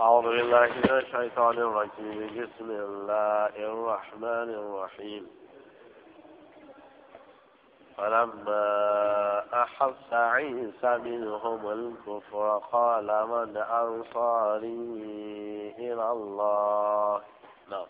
أعوذ بالله من الشيطان الرجيم بسم الله الرحمن الرحيم فلما أحس عيسى منهم الكفر قال من أنصاري إلى الله نعم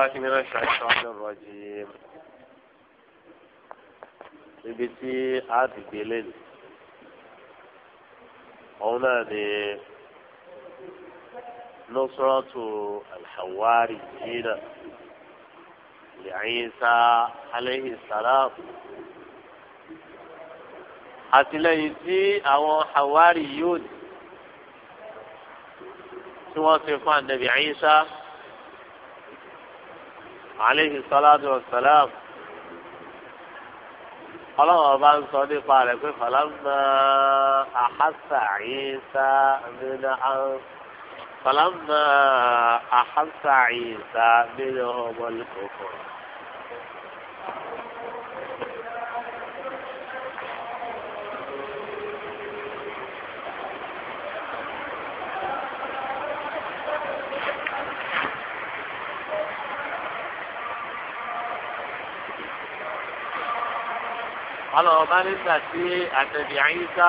الله من الشيطان الرجيم níbi tí a ti gbé lẹ́nu òun náà ni nusratu alhawari jina li Isa alayhi salam àtìlẹ́yìn tí àwọn hawari yóò tí wọ́n ti fún ànábì Isa aleyhi salatu wa salam ọlọ́run ọba ń sọ nípa rẹ̀ pé falama ahasa isa mina an falama ahasa isa mina ọmọ lẹ́kọ̀ọ́. àbáríṣà sí àtẹ̀bí àyíká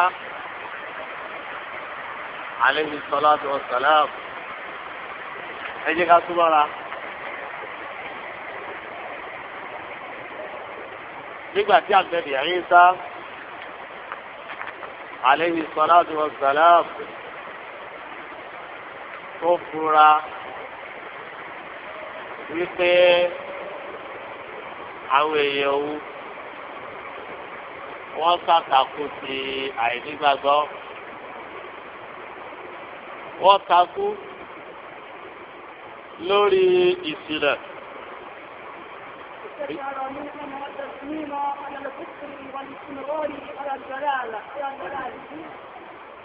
àlejò sọlá tó sọlá ẹ jẹ́ ká túbọ̀ra. nígbà tí àtẹ̀bí àyíká àlejò sọlá tó sọlá tó fura wípé àwọn èèyàn òun wọ́n ṣàtàkù ti àìnígbàgbọ́ wọ́n takú lórí ìsìlẹ̀.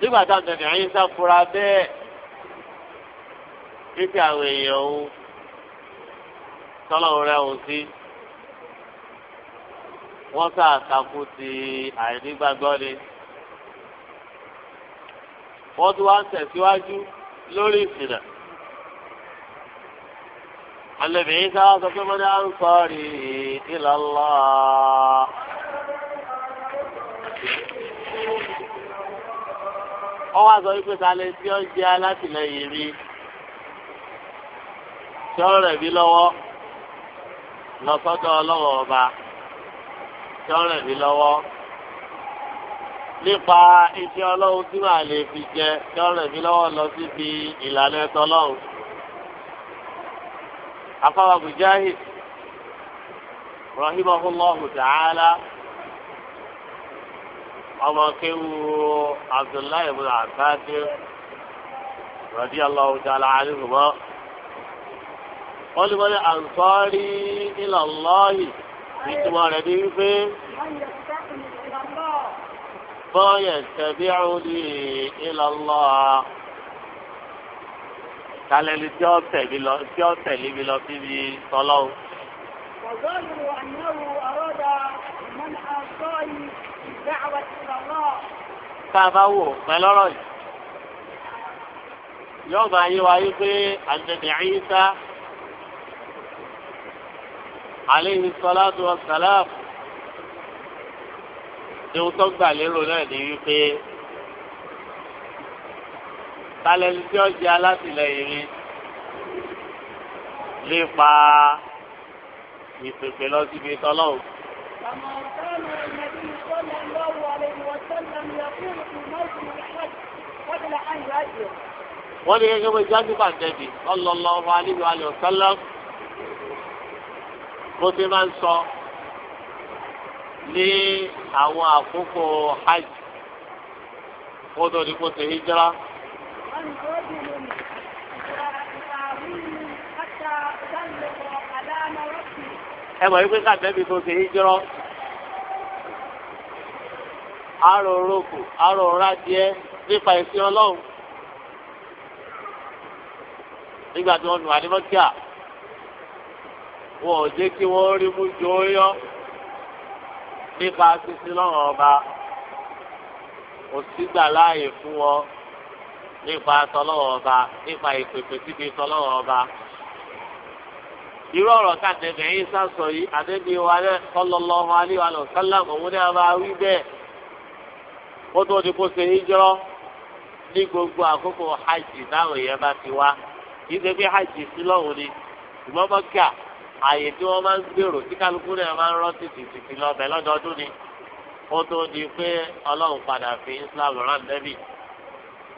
nígbà tá a tẹ̀lé ẹyin sá fura bẹ́ẹ̀ títí àwọn èèyàn òun tọ́lọ́run rẹ̀ òun sí wọ́n kà takú ti àìnígbàgbọ́ ni wọ́n tún wá ń tẹ̀síwájú lórí ìsìnà. Àlẹ́bí yìí ká sọ pé mọ́ni à ń sọ̀rí ila Allah. Wọ́n wá sọ wípé ta lè tí ó jẹ́ alátìlẹyìn rí tí ó rẹ̀ mí lọ́wọ́ lọ sọ́dọ̀ ọlọ́wọ́ ọba. tí ó ràn lọ́wọ́ nípa iṣẹ́ ọlọ́run tí màá lè fi jẹ tí ó lọ́wọ́ lọ síbi ìlànà ẹ̀tọ́ ọlọ́run. afáwa mujahid rahimahullahu ta'ala ọmọ kéwu abdullahi ibn abdul radiyallahu ta'ala anhu mọ́ wọ́n ìtumọ̀ rẹ̀ ni wípé bọ́ọ̀yẹ̀ tẹ̀bí àwòdì ìlọ́lọ́ kálẹ́lí tí ó tẹ̀lé mi lọ síbi tọ́lọ́wọ́. وظاهر أنه أراد منع الصائم yìí. Yóò máa yí wa yí pé àdèdè àyíká aleyhi salatu wa salam ewu tó gbà lérò náà ni wípé talẹ́ni tí ó jẹ́ alátìlẹyìn mi nípa ìpèpè lọ síbi tọ́lọ́wọ́. wọ́n ní gẹ́gẹ́ bí jáde bàjẹ́ bi sallallahu alaihi wa sallam. bó ti ń sọ ní àwọn àkókò hajj kó tó di hijra. ẹ mọ̀ wípé kàdébí tó ti hijra arò rògbò aro rádìẹ nípa ìsìn ọlọ́run nígbà tí wọ́n nù àdìmọ́kíà. wọn ò jẹ́ kí wọ́n rí mú jọ yọ nípa sísí lọ́rùn ọba kò sígbà láàyè fún wọn nípa tọ́lọ́rùn ọba nípa ìpèpè síbi tọ́lọ́rùn ọba. irú ọ̀rọ̀ kàtẹ́gẹ̀ yín sásọ yìí àdébí wa náà sallallahu alaihi wa sallam òun náà máa wí bẹ́ẹ̀ ó tó di kó ṣe hijrọ́ ní gbogbo àkókò hajj táwọn èèyàn bá ti wá kì í ṣe pé hajj sí lọ́hùn ni ìmọ̀ àyè tí wọ́n máa ń gbèrò tí kálukú náà máa ń rántí tìtìtì lọ́bẹ̀ lọ́dọọdún ni ó tó di pé ọlọ́run padà fi islam rán nẹ́bì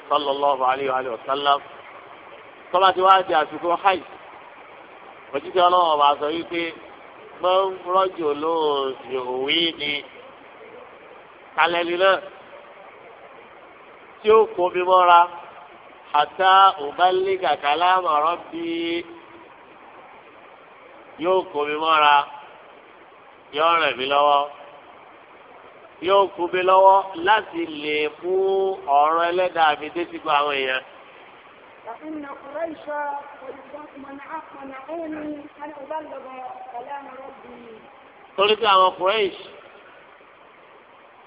sallallahu alaihi wa sallam tọ́ba ti wá di àsìkò hajj òjijì ọlọ́run ọba sọ wípé máa ń rọ́jò olóòsì òwe ni kálẹ́lì náà tí ó kó mi mọ́ra àtà òbálẹ́gà kálámà rọ́bì yóò kó mi mọ́ra yóò rẹ̀ mí lọ́wọ́ yóò kú mi lọ́wọ́ láti lè mú ọ̀rọ̀ ẹlẹ́dàá mi dé sí àwọn èèyàn. فإن قريش منعوني أن أبلغ كلام ربي. torí pé àwọn Quraysh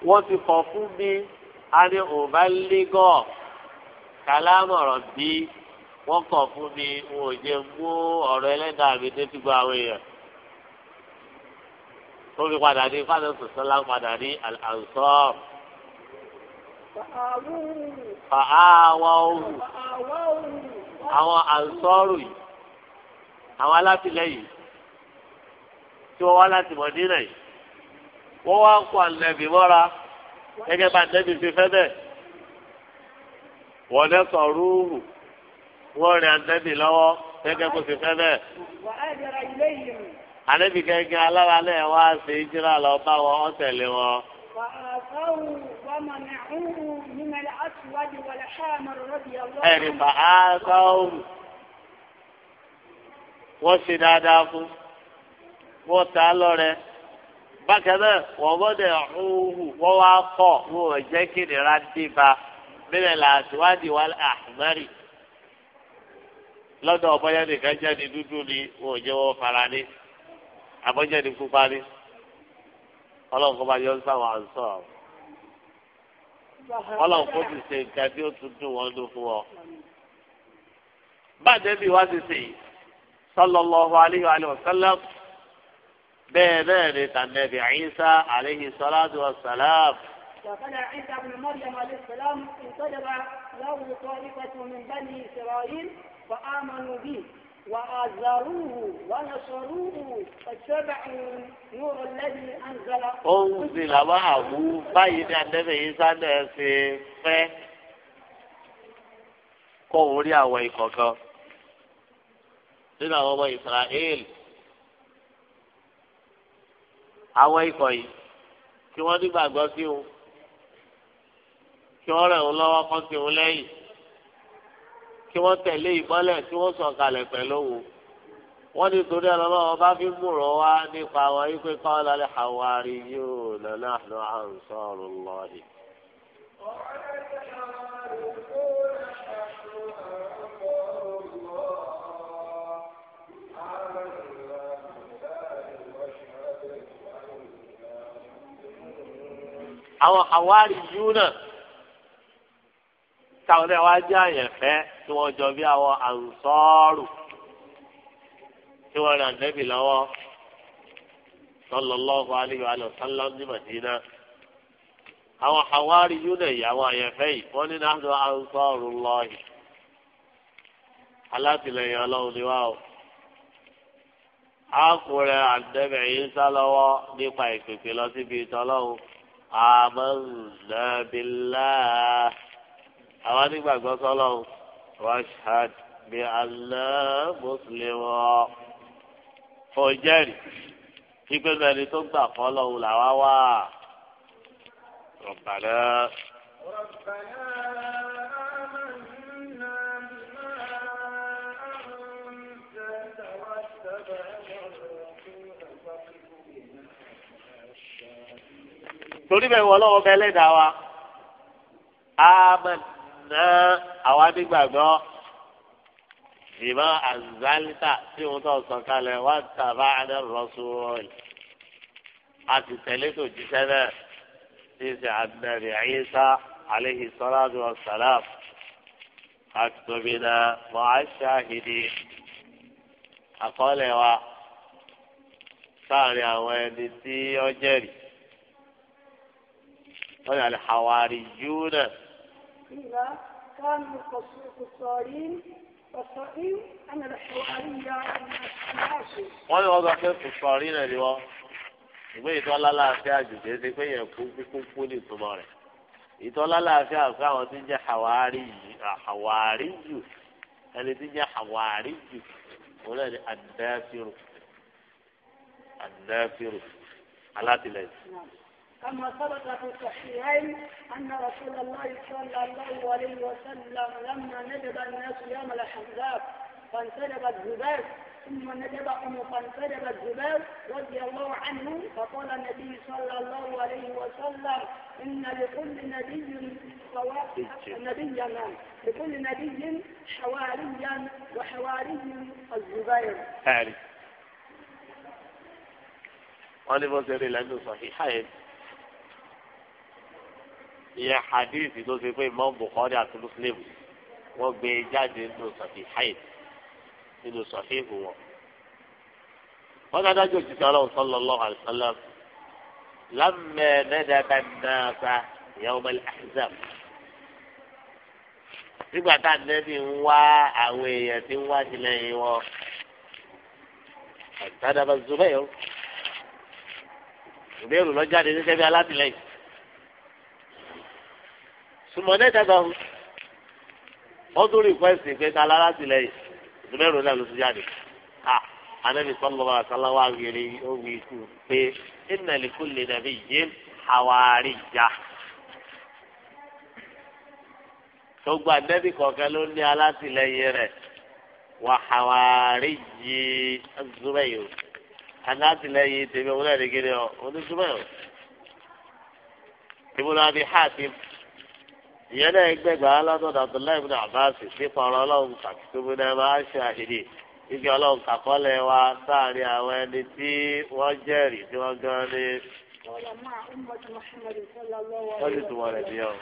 wọ́n ti kọ̀ fún mi a ní òbá légọ̀ kálámọ̀rọ̀ bíi wọ́n kọ̀ fún mi wọn ò jẹ́ mú ọ̀rọ̀ ẹlẹ́dàá mi dé fígbà àwọn èèyàn. ó fi padà ní fáṣọsọ sọlá padà ní àlùsọ. fàáwá òwú àwọn àlùsọ́ọ̀rù yìí àwọn alátìlẹ́yìn tí wọ́n wá láti Mọdínà yìí wọ́n wá ń kó ànẹ́bì mọ́ra gẹ́gẹ́ bá ànẹ́bì fi fẹ́ bẹ́ẹ̀ wọ́n dẹ́sọ̀ rúurù wọ́n rìn àtẹ́bì lọ́wọ́ gẹ́gẹ́ bó ṣe fẹ́ bẹ́ẹ̀. àlẹ́bí gẹ́gẹ́ alára náà wá sí ìjírà lọ bá wọn ọ́ tẹ̀lé wọn. ẹ̀rì fà á sáwù wọ́n ṣe dáadáa fún wọ́n ta lọ́rẹ́ bákan náà wọ́n gbọ́dọ̀ ọ̀hún wọ́n wá kọ̀ wọ́n jẹ́ kí nira dé ba mílẹ̀ làásìwádìí wà áhùmárì lọ́dọ̀ ọ̀bọ̀yá nìkan jáde dúdú ni wọn ò jẹ́ wọ́n fara ní abọ́jáde pupa ní ọlọ́run kọ́ bá yọ sáwọn àǹsọ̀ ọlọ́run kó ti ṣe nǹkan tí ó tún dùn wọ́n dún fún ọ. báàdé bí wá ti sè sallallahu alaihi wa sallam bẹ́ẹ̀ bẹ́ẹ̀ ni tànẹ́bì Ìsá alaihi salatu wa salam. عيسى ابن مريم عليه السلام انطلب له طائفة من بني إسرائيل فآمنوا به وآزروه ونصروه واتبعوا نور الذي أنزل أنزل معه بين النبي صلى الله عليه وسلم kó orí àwọn ikọ̀ kan nínú àwọn ọmọ Israel àwọn ikọ̀ yìí kí wọ́n nígbàgbọ́ sí wọn kí wọ́n rẹ̀ wọn lọ́wọ́ kọ́ sí wọn lẹ́yìn. kí wọ́n tẹ̀lé ìmọ́lẹ̀ tí wọ́n sọ̀kalẹ̀ pẹ̀lú wọn ni torí ọlọ́wọ́ bá fi múrọ̀ wá nípa wọn yí pé káwọn lálẹ́ àwárí yóò lọ́nà àná àǹsọ̀rọ̀ lọ́ọ̀dì. àwọn àwárí yóò náà. táwọn náà wá jẹ́ àyẹ̀fẹ́ tí wọ́n jọ bí àwọn ànsọ́ọ̀rù tí wọ́n rà nẹ́bì lọ́wọ́ sallallahu alaihi ní Madina àwọn àwárí yúnà yìí àwọn àyẹ̀fẹ́ yìí wọ́n ní náà lọ ànsọ́ọ̀rù lọ́ọ̀hì alátìlẹyìn ọlọ́run ni o akùnrin àdẹ́bẹ̀ yìí sá lọ́wọ́ nípa ìpèpè lọ síbi àwọn onígbàgbọ́ sọ́lọ́hún washhad bí Allah mùsùlùmọ́ fọjẹ́rì ìgbẹ́nu ẹni tó gbà fọ́lọ́hún làwa wà Rabbana. torí bẹ́ẹ̀ wọ́n lọ́wọ́ bẹ́ẹ̀ lẹ́dàá wa. Amen náà àwa nígbàgbọ́ ìmọ̀ àzálítà tí wọ́n tó sọ kalẹ̀ wá tàbá adé rọ́sùlù a ti tẹ̀lé tó jíṣẹ́ náà tí ń ṣe àdínàbì àyíṣà àléhi sọ́láàdù ọ̀sálàm àtòmínà mọ̀áṣáhìdì àkọọ́lẹ̀ wa sáàrin àwọn ẹni tí ó jẹ́rìí wọ́n yà lè hàwárí yúnà. قيل كانوا قصارين والصائم أنا الحوارية wọ́n ní wọ́n sọ pé kùsùọ̀rí náà ni wọ́n ìgbé ìtọ́lá láàfin àjùjẹ́ ṣe pé yẹn kú kúkú ní ìtumọ̀ rẹ̀ ìtọ́lá láàfin àfẹ́ àwọn tí ń jẹ́ àwárí jù ẹni tí ń jẹ́ àwárí jù òun náà ni àdáfírù àdáfírù كما ثبت في الصحيحين أن رسول الله صلى الله عليه وسلم لما ندب الناس يوم الأحزاب فانسلب الذباب ثم ندب فانسلب الذباب رضي الله عنه فقال النبي صلى الله عليه وسلم إن لكل نبي نبيا لكل نبي حواريا وحواري الزبير. أعرف. وأنا ما العلم عنده صحيحين ìyẹn hadith ló ṣe pé Imam Bukhari àti Muslim wọ́n gbé jáde nínú Sahihayn nínú Sahihu wọn. wọ́n dáadáa jò jù sọ́lá sallallahu alaihi wasallam lamma nadaba an-nasa yawm al-ahzab. nígbà tá àdínẹ́bí ń wá àwọn èèyàn tí ń wá sílẹ̀yìn wọn àtàdàbà Zubayr Zubayr lọ ní sẹ́bi alátìlẹ́yìn sùmọ̀dé tẹ̀sán wọ́n tún rìkwẹ́sì pé ká lára sílẹ̀ yìí zubairu náà ló ti jáde a anabi sọlọ́wọ́ àtàláwà wíri ó wí kú pé inna li kulli nabiyyin hawariyya tó gba nẹ́bí kọ̀ọ̀kan ló ní alátìlẹyìn rẹ̀ wà hawariyyi zubairu alátìlẹyìn tèmi wọlé ẹ̀dẹ́gẹ́dẹ́ ọ oní zubairu ibùdó abi hatim ìyẹn náà gbẹgbẹ aládọ́dọ̀ abdullahi ibn abbas nípa ọ̀rọ̀ ọlọ́run kàkítúbù náà máa ṣe àṣìlè ibi ọlọ́run kàkọ́lẹ̀ wa sáàrin àwọn ẹni tí wọ́n jẹ́rìí tí wọ́n gan ni. wọ́n ti tún wọlé bí ọ.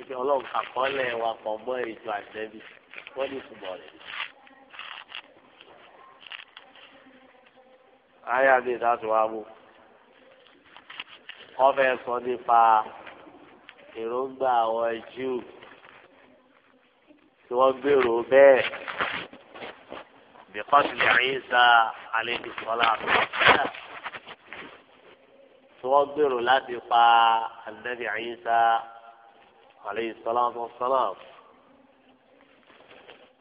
ibi ọlọ́run kàkọ́lẹ̀ wa pọ̀ mọ́ ìjọ àjẹbí wọ́n ti tún wọlé. ayé àbí ìdásùn wa mú. wọ́n sọ nípa èròǹgbà àwọn Júù tí wọ́n gbèrò bẹ́ẹ̀ bíkọ́sì Ìsá alayhi salatu tí wọ́n gbèrò láti pa Ànábì Ìsá alayhi salatu wassalam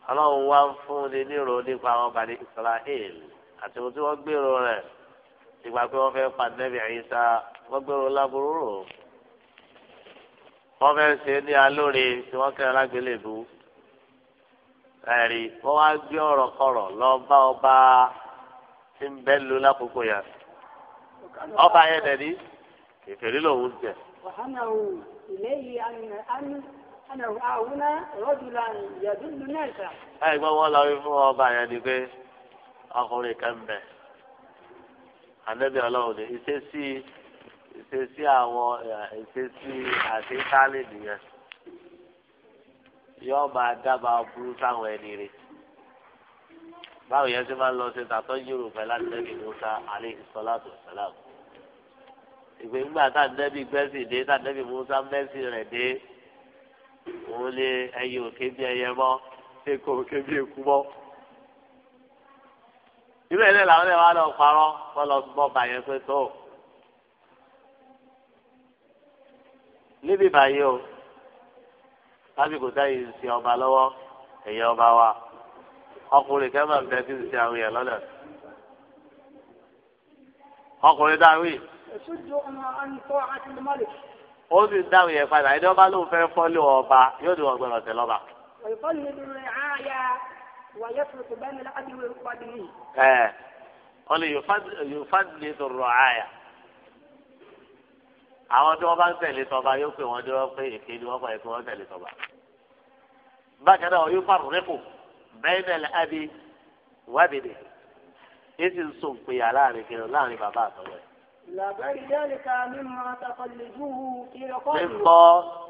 ọlọ́run wá ń fún ni nírò nípa àwọn bàdé Israel àti ohun tí wọ́n gbèrò rẹ̀ ìgbà pé wọ́n fẹ́ pa Ànábì Ìsá wọ́n gbèrò láburú rò wọ́n fẹ́ ṣe ní alóore tí wọ́n kẹ́ alágbélébú ẹ̀rí wọ́n wá gbé ọ̀rọ̀ kọ̀rọ̀ lọ bá ọba tí ń bẹ́ lu lákòókò yẹn ọba yẹn dẹ̀ ní ìfèrí lòun jẹ. wàhánà gbọ́ wọn lọ rí fún ọba yẹn ni pé ọkùnrin kan bẹ̀ ànẹ́bí ọlọ́run ní ìṣesí ìṣesí àwọn ìṣesí àti kálí nìyẹn yóò máa dábàá burú sáwọn ẹni rẹ̀ báwo yẹn ṣe máa lọ ṣe tàtọ́ yìírò pẹ̀lú àtẹ́bí musa aleyhi salatu salam ìpè ńgbà tá àtẹ́bí gbẹ́sì dé tá àtẹ́bí musa mẹ́sì rẹ̀ dé òun lé ẹyẹ òkè bí ẹyẹ mọ́ ẹkọ òkè bí eku mọ́ ìbẹ̀rẹ̀ làwọn ẹ̀ wá lọ parọ́ kọ́ lọ gbọ́ bàyẹn pé tó. níbi báyìí o lásìkò táyì ń sin ọba lọ́wọ́ ẹ̀yẹ ọba wa ọkùnrin kẹ́ ń bẹ kí n sin àwọn èèyàn ọkùnrin dáwì ó sì dáwì yẹn padà ẹni ọba lóun fẹ́ fọ́lé ọba yóò ní wọn gbọ́dọ̀ tẹ̀ lọ́ba. ẹ wọ́n lè yóò fàdílé tó rọ̀ àyà àwọn tí wọ́n bá ń tẹ̀lé tọba yóò pè wọ́n dúró pé èké ni wọ́n fọ ẹ̀kọ́ wọ́n tẹ̀lé tọba. bákan náà yóò fàrùn rẹ́pò bẹ́ẹ̀ náà lábí wábìlì èsì ń sùn pé láàrin kiri láàrin bàbá àtọwọ́ ẹ̀. Mímọ́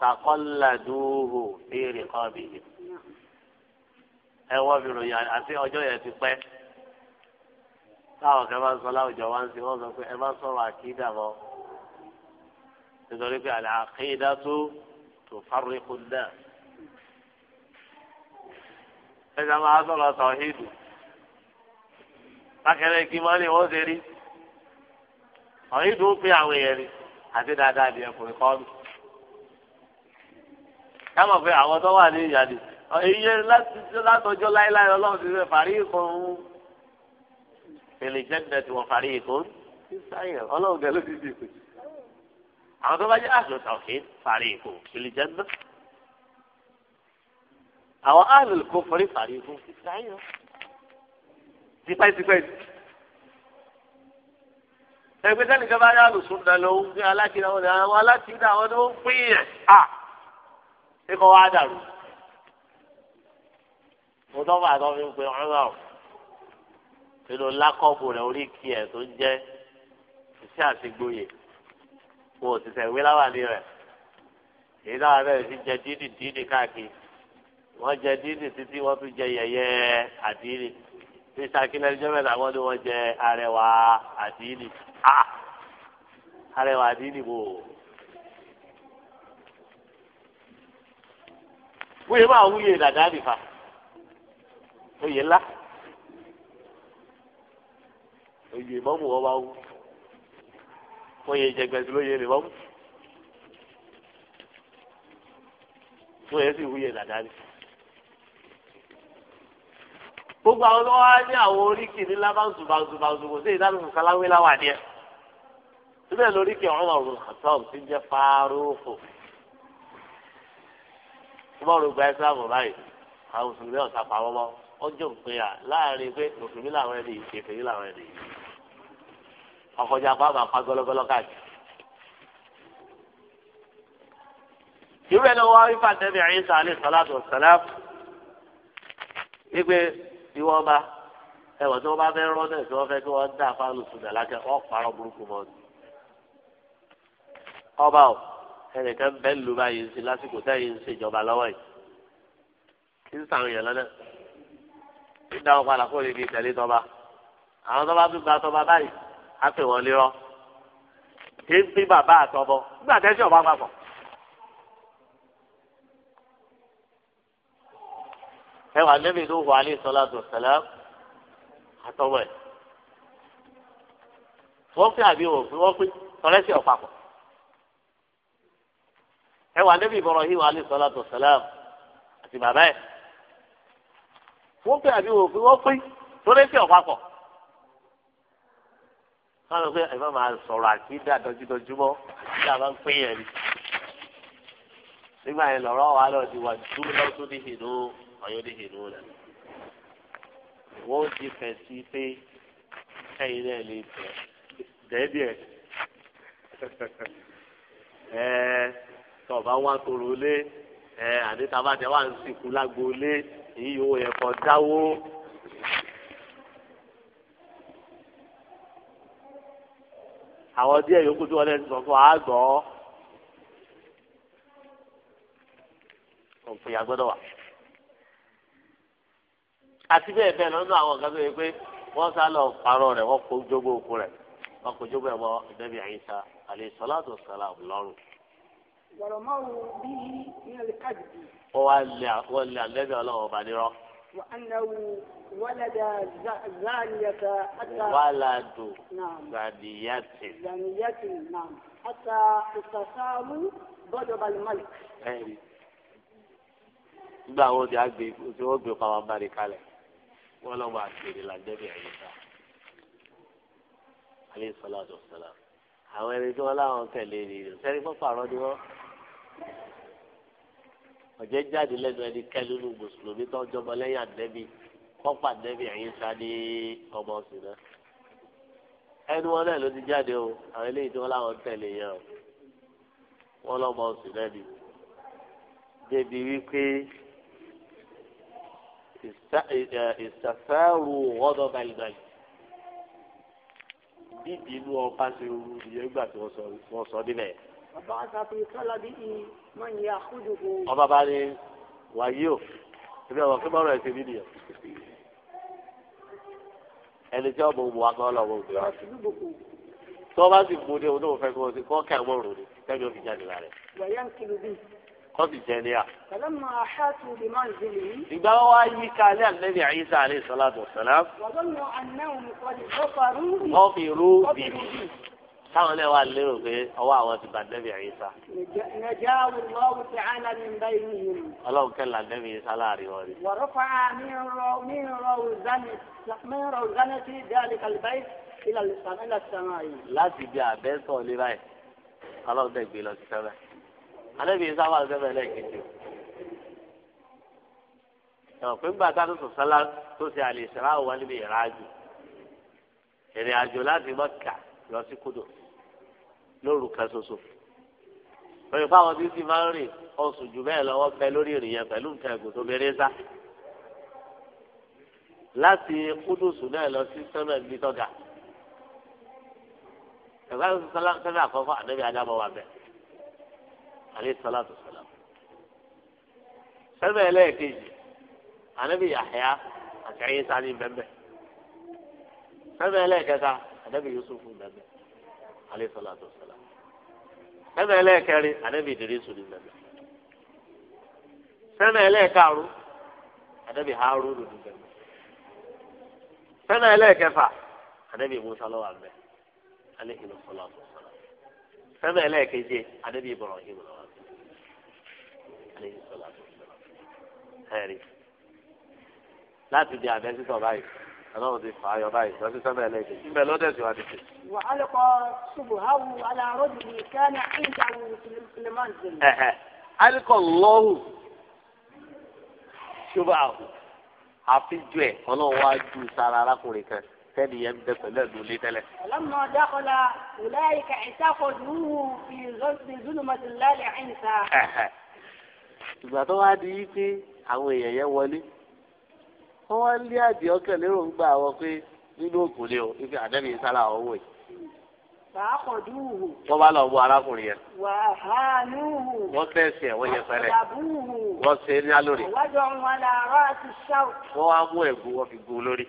takọ́ládúhù bíi kọ́ bíi. Ẹ wọ́n fi ròyìn àti ọjọ́ yẹn ti pẹ́. Táwọn kan máa ń sọ láwùjọ wá ń sìn wọ́n sọ pé ẹ má sọ̀rọ̀ àkídà mọ́ nítorí pé àlẹ́ àkéyídá tó tó fárí kú náà. ẹ̀sà máa sọ̀rọ̀ tọ̀hídù bákẹ́rẹ́ kí mọ́ni wọ́n ṣe rí tọ̀hídù ń pè àwọn èèyàn rí àti dáadáa di ẹkùnrin kọ́ọ̀lù. kámọ̀ pé àwọn tó wà ní ìyàdì iye látọjọ́ láéláé ọlọ́run ti fẹ́ fàrí ìkọ́ ń fèlè jẹ́ndẹ̀tì wọ́n fàrí ìkọ́ ń sáyẹn ọlọ́run gẹ̀ ló ti dìbò àwọn tó bá jẹ́ àlù tawhid fariqu fil jannah àwọn àlù kufri fariqu ìsàyè tipẹ́tipẹ́ ẹgbẹ́ sẹ́ni kan bá yá àlùsùn náà lọ ń gbé alákìlá wọn ni àwọn alákìlá wọn ni wọ́n ń pín yẹn à ṣé kò wá dàrú mo tọ́ bá fi ń pe ọ̀rọ̀ ọ̀ nínú lákọ̀ọ́bù rẹ̀ orí kí ẹ̀ tó ń jẹ́ iṣẹ́ àti gbóyè wọn ò sì sẹ̀ wí láwàní rẹ̀ èyí láwọn abẹ́rẹ́ sí jẹ dídì dídì káàkiri wọ́n jẹ dídì títí wọ́n tún jẹ yẹyẹ àdínì ní sakilẹ̀ ẹjọ́ mẹ́ta wọ́n ní wọ́n jẹ arẹwà àdínì a arẹwà àdínì wò. wúyẹ máa wúyẹ dàda nìfà oyè ńlá oyè mọ́mú wọn bá wú wọ́n yẹ ìjẹgbẹ́sí ló yẹ lè wọ́n. wọ́n yẹ sì wúyẹ dàdáni. gbogbo àwọn tó wá ní àwọn oríkì ní lábàǹsù bàǹsù bàǹsù kò sí ìdánimọ̀ kaláwé láwà díẹ̀. síbẹ̀ lóríkì ọ̀hún ọ̀rùn kàtọ́ọ̀mù ti jẹ́ fárófò. wọ́n gba ẹ́sìlámù báyìí àwọn mùsùlùmí ọ̀sà pàwọ́ mọ́ ọjọ́ ìpínyà láàrin pé mùsùlùmí làwọn ẹni ìṣèfèyí làwọn ẹni ìṣèfèyí ọkọjà pa àbàpá gọlọgọlọ káàkiri. irú ẹ̀ ifá tẹ́lẹ̀ ẹ̀yìnsá alẹ́ sàlátù sàlám wípé bí wọ́n bá tí wọ́n bá fẹ́ rọ́ náà tí wọ́n fẹ́ kí wọ́n dá fáwọn sùdà lákẹ́ wọ́n burúkú mọ́ ni. ọba o ẹnìkan bẹ́ẹ̀ lù báyìí ń sin lásìkò táyìí ń ṣèjọba lọ́wọ́ yìí kí ń sàrùn yẹn lọ́nà ń padà kó lè di ìtẹ̀lé tọ́ba àwọn tọ́ba tún gba tọ́ba báyìí á pè wọ́n lérọ́ kí n pín bàbá àtọmọ nígbà tẹ́sí ọ̀bá papọ̀. ẹ wà lẹ́bi tó wà ní sọlá tó sẹlẹ̀ àtọmọ ẹ̀ wọ́n pín àbí wọ́n pín wọ́n pín tọ́lẹ́sì ọ̀pápọ̀ ẹ wà lẹ́bi Ibrahim alẹ́ sọlá tó sẹlẹ̀ àti bàbá ẹ̀ wọ́n pín àbí wọ́n pín wọ́n pín tọ́lẹ́sì ọ̀pápọ̀ wọn lọ pé ẹ má máa sọ̀rọ̀ àkídà dọjúdọjúmọ́ kí a máa ń pín yẹn ni nígbà yẹn lọ́rọ̀ wa lọ di wa dúró tó ní hìnú ọyọ ní hìnú rẹ wọn ti fẹsí pé kẹyìn náà lè tẹ dẹbi ẹ ẹ tọba wa tòrò lé ẹ àdétabàjẹ wa ń sìnkú lágbo lé èyí yòówó yẹ kọ dáwó. àwọn díẹ̀ yòókù tí wọ́n lè sọ fún àgbọ̀ òfin àgbọ́dọ̀ wà. àti bẹ́ẹ̀ bẹ́ẹ̀ lọ́nà àwọn ọ̀gá tó yẹ pé wọ́n sá lọ parọ́ rẹ̀ wọ́n kó jógbó òkú rẹ̀ wọ́n kó jógbó ẹ̀wọ́ ìdẹ́bí àyíṣà alayhi wọ́n wá ọlọ́wọ́ وأنه ولد زانية حتى ولد نعم زانية زانية نعم حتى استساموا غضب الملك nígbà wo di agbe tí wọn gbé pàmò abáre kalẹ̀ wọn lọ máa kéde làǹdẹ́bì àyíká aleyhi salatu wa salam àwọn ẹni tí wọn láwọn tẹ̀lé ni sẹ́ni fọ́pàrọ̀ ni wọ́n ọ̀jẹ̀ jáde lẹ́nu ẹni kẹ́lú ní mùsùlùmí tó ń jọmọ lẹ́yìn àdẹ́bí kọ́pà àdẹ́bí ẹ̀yìn sá ní ọmọ ọ̀sìn náà. ẹnu wọn náà ló ti jáde o àwọn eléyìí tí wọ́n láwọn tẹ̀lé yẹn o wọ́n lọ́mọ ọ̀sìn náà ni. débi wípé ìsàfẹ́rù ọ̀dọ̀ balibali bíbí inú ọba ṣe rú ìyẹn gbà tí wọ́n sọ níbẹ̀ yẹn ọba bá ní wàyí o ebi ọ̀rọ̀ kí bọ́ọ̀rọ̀ ẹ̀sìn nìyẹn ẹni tí ọmọ òmùwà kan lọ́wọ́ òmùwà tí wọ́n bá sì mú ní òun náà fẹ́ kó o sí kọ́ kẹ́ ọmọ òrùn ni tẹ́lẹ̀ ó fi jáde lára rẹ̀ kọ́ sì jẹ́ ní à. ìgbà wọn wá yí ká alẹ́ àlẹ́bí àyíṣà alẹ́ sọ́lá tó sọ́lá. wọ́n fi rú bìbí táwọn náà wà lérò pé ọwọ́ àwọn ti bà nẹ́bí àyíṣà. nàjà wùlọ́wù tí a nà ní bẹ́ẹ̀ yìí. ọlọ́run kẹ́lá nẹ́bí àyíṣà láàrin wọn ni. wọ́rọ̀ fa mi rọ mi rọ zani mi rọ zani ti dáàlì kàlùbáyì ilà lùsàmì ilà sàmà yìí. láti bí abẹ́sọ̀ ní báyìí ọlọ́run tẹ̀ gbé lọ sí sẹ́fẹ̀. anẹ́bí àyíṣà wà sẹ́fẹ̀ lẹ́ẹ̀kejì. ẹ̀ pé gbà lọ sí kódò lóru kan ṣoṣo pẹ̀lú fáwọn tí ti máa ń rìn oṣù jù bẹ́ẹ̀ lọ́wọ́ bẹ lórí ìrìn yẹn pẹ̀lú nǹkan ẹ̀gùn tó bẹ̀rẹ̀ sá láti kúdùsù náà lọ sí sọ́nà ìlú tọ́ga ẹ̀fọ́ sọ́nà àkọ́kọ́ àdébí adámọ́ wa bẹ̀ alẹ́ sọ́lá tó sọ́lá sọ́nà ẹlẹ́ẹ̀kejì àdébí Yahya àti ayé sani bẹ́ẹ̀ bẹ́ẹ̀ sọ́nà ẹlẹ́ẹ̀kẹta anabi yusuf nàbẹ alayhi salatu wa salam sẹmẹ ẹlẹ́ẹ̀kẹrin anabi idrisu ni nàbẹ sẹmẹ ẹlẹ́ẹ̀karùn anabi harunu ni nàbẹ sẹmẹ ẹlẹ́ẹ̀kẹfà anabi musa lọwọ àbẹ alayhi salatu wa salam sẹmẹ ẹlẹ́ẹ̀keje anabi ibrahim lọwọ àbẹ alayhi salatu wa salam hẹrin láti di abẹ sísọ báyìí ọlọ́run ti fà á yọ báyìí lọ́sí sábà ẹlẹ́jẹ̀ níbẹ̀ ló dẹ̀ sí wa tètè. wà á lè kọ ṣubú hawu aláròjù ní kánà ìjà wù suleman zèlè. alikọ lọ́hù ṣubú àwù àfijọ́ ẹ̀ ọlọ́run wá ju sára arákùnrin kan sẹ́ni yẹn bẹ pẹ̀lú ẹ̀dùn lé tẹ́lẹ̀. ọlọ́mọ dákọ̀lá wùláyé ka ìṣàkọ̀ dùnú fi zulumatilali wọ́n wá lé àdì ọkàn lérò ń gbà wọ́n pé nínú òkú ni o ibi àdẹ́bí sálà ọwọ́ yìí. Wọ́n bá lọ bu arákùnrin yẹn. Wàhánúhù. Wọ́n tẹ̀sí ẹ̀ wọ́n yẹ fẹ́rẹ̀. Wọ́n ṣe é ní alórí. Wọ́n wá mú ẹ̀gún wọn fi gun lórí.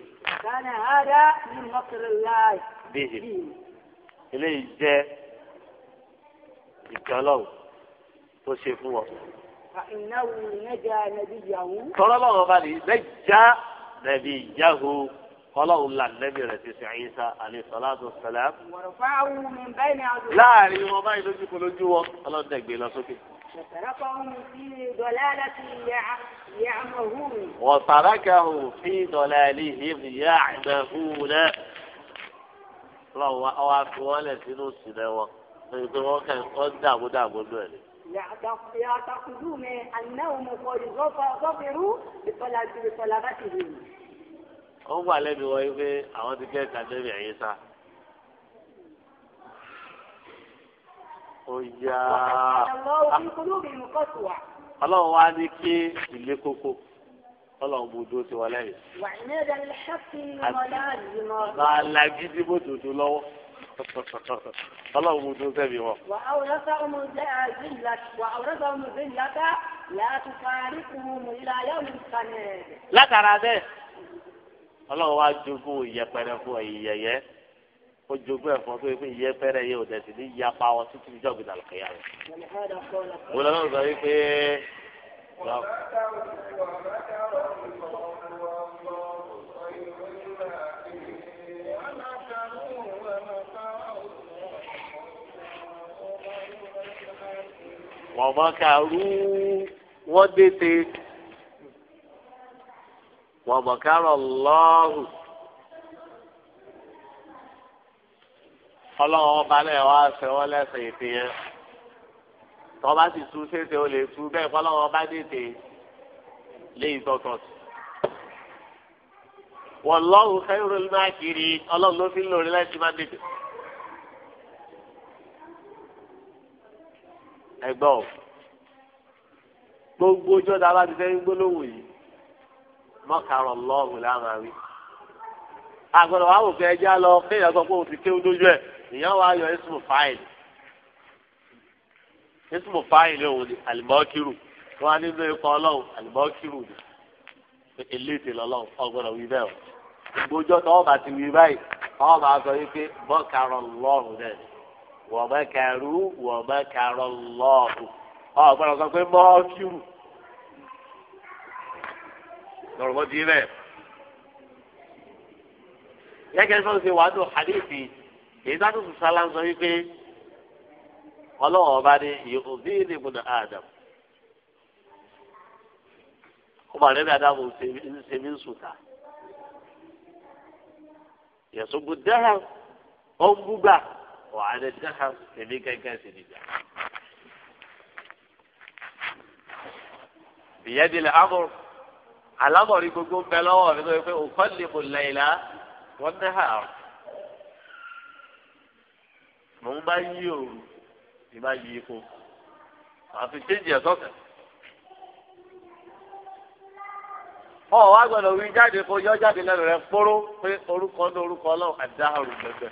Bíhì. Eléyìí jẹ́ ìkọlọ́wù tó ṣe fún wọn. Tọ́lọ́lọ́wọ́ bá lè nẹ́jà nẹbi yahu kọlọ́hún la nẹbi rẹ̀ ti sìn ayíṣà alayhi salatu wassalam. láàrin wọn báyìí lójú kò lójú wọn ọlọ́dẹ̀gbẹ́ lọ sókè. وتركه في ضلالهم يعمهون الله أعفو ولا سنو سنوى فإذا كان قد دعبو دعبو دعبو يعتقدون أنهم قد ظفروا بطلبتهم wọ́n wà lẹ́nu wọ́n yí pé àwọn ti kẹ́ kàdébì ẹ̀yìn sá. ó yá ọlọ́run wá ní kí ilé kókó ọlọ́run bò dó tiwọn lẹ́yìn. àti bá a lagídí bó dòdò lọ́wọ́. ọlọ́run mú dún sẹ́mi wọn. wà á wọlé sáwọn ọmọdé láta láti parí kùmù ìlàyà olùkànnì. látara bẹ́ẹ̀ ọlọ́run wá jogún ìyẹpẹrẹ fún ìyẹyẹ ó jogún ẹ̀fọn tó yẹ pé ìyẹpẹrẹ yẹ òdẹ sí ní yapa ọ títí ní jọ́gbìn àlùkẹ́yà rẹ̀. wọ́n lọ́wọ́ sọ wípé. wọ̀mọ̀kàrú wọ́n dètè wọ̀mọ̀kàrọ̀ lọ́rù. ọlọ́run ọba náà wá ṣe wọ́n lẹ́sẹ̀ ètè yẹn tọ́ba sì tú ṣéṣe ó lè tú bẹ́ẹ̀ fọlọ́run ọba dètè léyìí tọ̀tọ̀ sí. wọ́n lọ́rù kẹ́rù ló máa kiri ọlọ́run ló fi ń lò rí láti máa dètè. ẹgbọ́ o gbogbo ọjọ́ tá a bá ti fẹ́ gbólóhùn yìí mọ́kàrọ̀ lọ́ọ̀hùn láwọn àwí. àgbọ̀dọ̀ wa wò pé ẹjẹ́ á lọ kéèyàn sọ pé òun ti kéwú dójú ẹ̀ ìyẹn wàá yọ ismu fáìlì ismu fáìlì òun ni àlùmọ́kìrù wọn á nínú ikọ̀ ọlọ́run àlùmọ́kìrù ni eléte lọ́lọ́run ọgbọ́dọ̀ wí bẹ́ẹ̀ o gbogbo ọjọ́ tó ọ wa makaru wa makara Allahu ọ gbọ́dọ̀ sọ pé mọ́ọ́kìrù lọ́rọ̀ mọ́ di bẹ́ẹ̀. gẹ́gẹ́ sọ́n ṣe wàá dùn hadithi èyí tá a tún sálá ń sọ wípé ọlọ́wọ́ ọba ni òbí ni mo nà Adam ọmọ rẹ̀ bí Adam ń ṣe mí sùn ta yẹ̀sùn bù dáhà ń bú gbà. وعلى الدحر تبيك كاسد بيد الأمر الأمر يقول بلوى أقلب الليل والنهار mo ń bá yí òru ni bá yí ipò àfi kéjì ẹ̀sọ́kẹ̀. ọ̀ wá gbọ́dọ̀ wí jáde kó yọ jáde lẹ́nu rẹ̀ kpóró pé orúkọ ní orúkọ ọlọ́run àdáhàrú gbẹgbẹ́.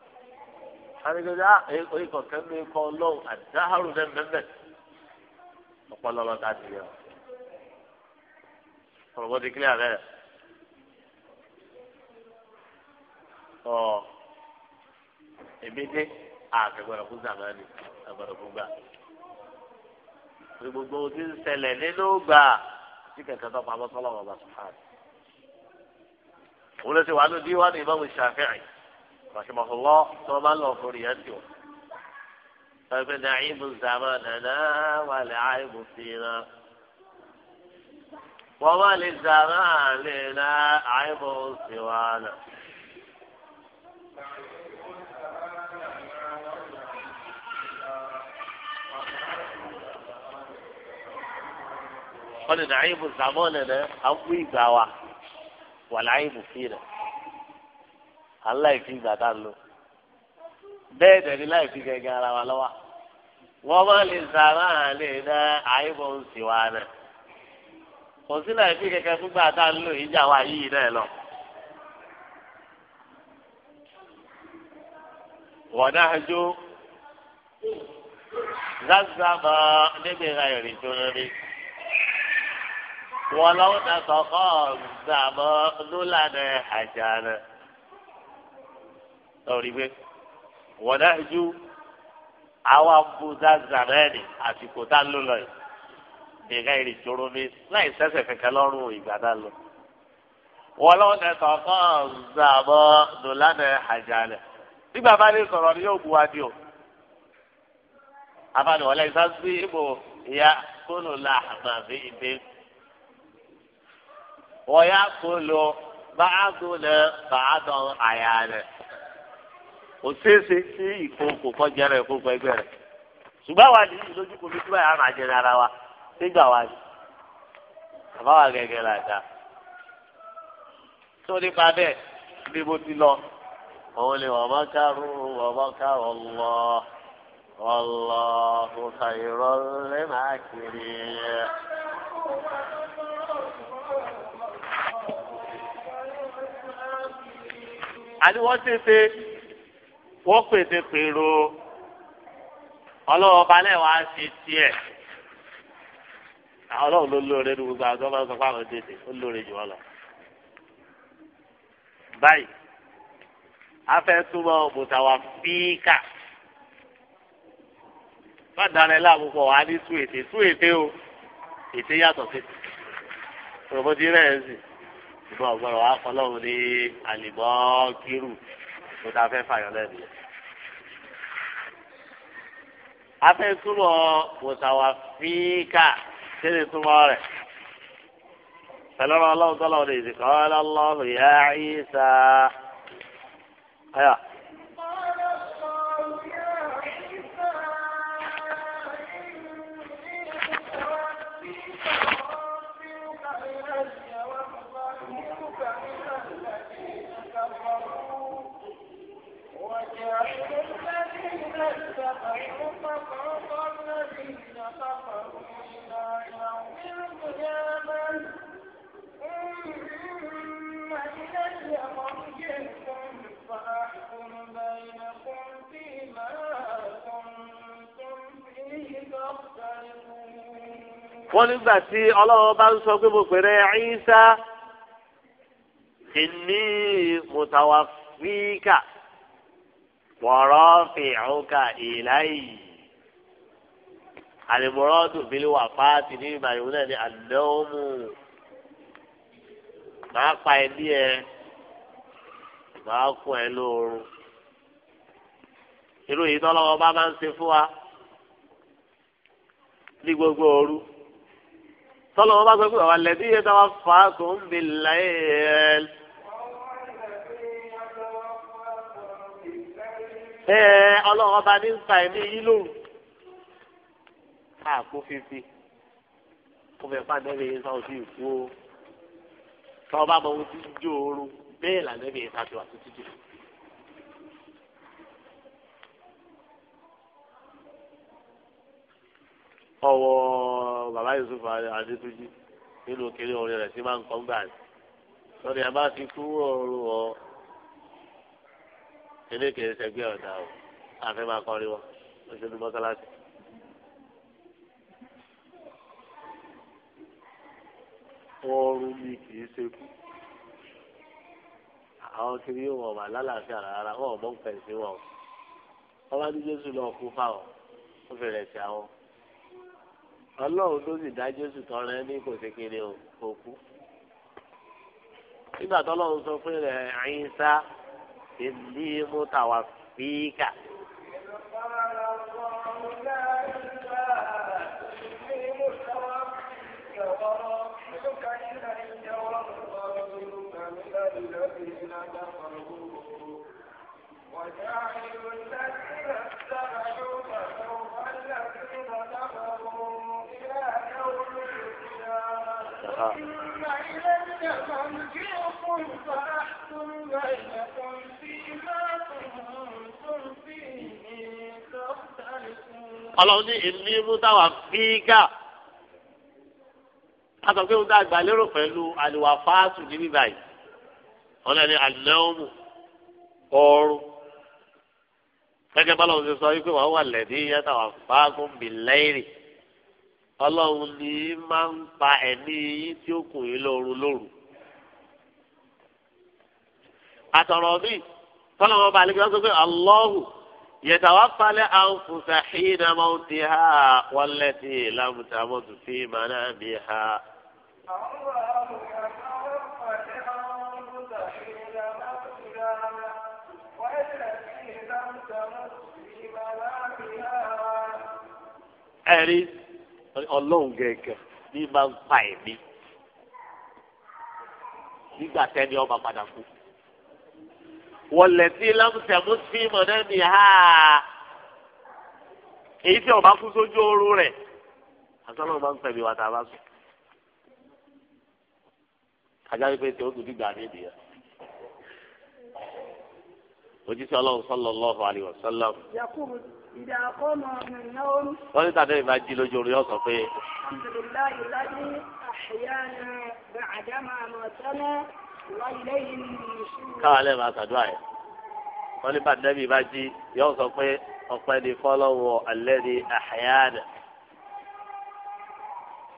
adigunjẹ a oye kọkẹ mi kọ lọhùn àdáhàrù dẹ mẹmẹ ọpọlọ lọ káàdì yẹ ọ̀rọ̀ ti kílẹ̀ abẹ ọ ebi dé àgbẹgbẹrẹ fún zamani àgbẹrẹ fún gbà gbogbo ti ń ṣẹlẹ̀ nínú gbà tí kẹkẹ tó pamọ́ sọlọ wọn bá sọ fún wa. òun ló ti wà ní díwáni ìmáàmù Ṣáfi'í. رحمه الله ثم الله فريته فبنعيم زماننا والعيب فينا وما للزمان لنا عيب سوانا قال نعيب زماننا أو إيجاوا والعيب فينا aláìfi ìgbà tá a lò bẹ́ẹ̀ dẹ̀ láìfi gẹ́gẹ́ ara wa lọ́wọ́ wọ́n má lè sàrà lè ná àyíbọ̀ ń sì náà kò sí láìfi gẹ́gẹ́ fúgbà tá lò ìjà wa yìí náà lọ. wọ́n níbi rẹ̀ wọ́n lọ́wọ́ zàmọ́ lọ́rí pé wọ́dájú àwọn abúdá zamani àsìkò tá ló lọ yìí nìkan ìrìn jòrò mi láì sẹ́sẹ̀ kẹ̀kẹ́ lọ́rùn ìgbà tá lọ. wọ́n lọ́wọ́ tẹ̀sán kan zàmọ́ nùlánà àjàlẹ̀ nígbà bá lè sọ̀rọ̀ ni yóò bu wa di o. àfààní wọlé ìsásí ìbò ìyá kóló la àmà fi ìgbé. wọ́n yá kóló bá a kóló bá a dán àyà rẹ̀ kò ṣeéṣe sí ìkókò kọjá rẹ kókò ẹgbẹ́ rẹ ṣùgbọ́n àwa ní ìlójú kò ní kí báyà ara wa nígbà wa ni bàbá wa gẹ́gẹ́ là dá tó nípa bẹ́ẹ̀ bí mo ti lọ òun ni wọ́n máa kárò wọ́n máa kárò lọ ọlọ kò sà ìrọ̀lẹ́ máa kiri. àni ṣe ṣe wọ́n pèsè pèrò ọlọ́wọ́ balẹ̀ wá sí tiẹ̀ àwọn ọlọ́run ló lóore ní gbogbo àgbọ̀n máa ń sọ fún àwọn tètè ó lóore jù wọ́n lọ. báyìí a fẹ́ túbọ̀ mùtàwà fíkà má dára ẹ láàmú pọ̀ wá ní tú ètè tú ètè o ètè yàtọ̀ sí ti rògbòdì rẹ̀ ń sìn ìbọn ọ̀gbọ́n wa kọ́ lọ́run ní àlìbọ́ kírù mo ta fẹ́ fàyọ lẹ́nu afẹ́ túmọ̀ wòsàwà fíkà kéde túmọ̀ rẹ̀ pẹ̀lú ọlọ́run tọ́lọ́run lè ṣe kọ́ ọ́ lọ́lọ́run yá ìsà. wọ́n nígbà tí ọlọ́run bá ń sọ pé mo pèrè ẹ̀ẹ́sà ìní mùtàwáfíkà wọ̀rọ̀ fìhùnkà ìláyì àlèmọ́rọ́dù bíi wà fáàtì ní ìmọ̀ ìwúlẹ̀ ní àdéhùn mú pa ẹ̀ ìbá fún ẹ lóorun irú yìí tọ́lọ́wọ́ bá máa ń ṣe fún wa ní gbogbo ooru tọ́lọ́wọ́ bá sọ pé àwọn àlẹ́ tí yẹn táwọn fà á kò ń bè láyé ẹ ọlọ́wọ́ bá ní nǹkan ẹ̀mí yìí lóru káàkó fífi kó fẹ́ fà nẹ́rẹ̀ẹ́ sáwọn sí ìkú o tọ́ bá mọ ohun tí jó ooru bẹ́ẹ̀ lànàbí yẹn ta fi títí ọwọ́ bàbá Yusuf Adétúnjì nínú kiri orin rẹ̀ sí máa ń kọ́ngbà rẹ̀ lọ́dọ̀ yẹn ti kú ọ̀rọ̀ ọ̀ kéékèèké sẹ́gbẹ́ ọ̀dà o àfẹ́ máa kọrin wọn lọ́sọ̀dún mọ́sálásí. wọ́n mi kì í ṣe kú àwọn kiri yóò wọ̀ wà lálàáfíà rárá wọn ò mọ̀ nǹkan ẹ̀sìn wọn wọn bá ní jésù lọ kú fáwọn ó fi sí àwọn ọlọ́run tó sì dá jésù tọrẹ ní kò sí kiri o kò kú nígbà tó lọ́run sọ pé rẹ̀ ẹ̀yin sá èdè mọ́tàwá fíkà. كفروا وجعلوا الذين اتبعوا فوق الذين كفروا إلى يوم القيامة ثم إلينا مرجعكم فأحكم بينكم فيما كنتم فيه تختلفون. Ọlọ́run ní èmi mú táwa fígà a sọ pé ó dá àgbà lérò pẹ̀lú àlùwàfáàsù níbí báyìí wọn lẹni anáwó ọrùn gẹ́gẹ́ bá lọ́wọ́ ṣe sọ wípé wàá wà lẹ́dí yẹta wà fáágùn bí lẹ́yìn ọlọ́run ni máa ń pa ẹ̀mí yín tí ó kùn yín lóru lóru. àtọ̀rọ̀ mi tọ́lá wọn bá alẹ́gbẹ́ sọ pé Allahu yẹta wà falẹ̀ àǹfùsà hìnà máa ń ti ha wọ́n lẹ́sìn ìlànà tí a mọ̀ tù sí ha. ẹ̀rí ọlọ́run gẹ̀gẹ̀ ní máa ń pa ẹ̀mí nígbà tẹ́ni ọba padà kú. wọlé tí lámùsẹ̀mú sí mọ̀nẹ́mì ha èyí tí ọba kú sójú ooru rẹ̀ àtọ́nà máa ń pẹ̀lú wa tá a bá sùn. ajá wípé tí wọ́n ní tàdé ìbá jí lójú orí ọ̀sán pé. káwọn lè máa ṣàdúrà yẹn wọ́n ní pàdébì ìbá jí yóò sọ pé ọpẹ́ ní fọ́lọ́wọ́ alẹ́ ní àhẹ́yàdà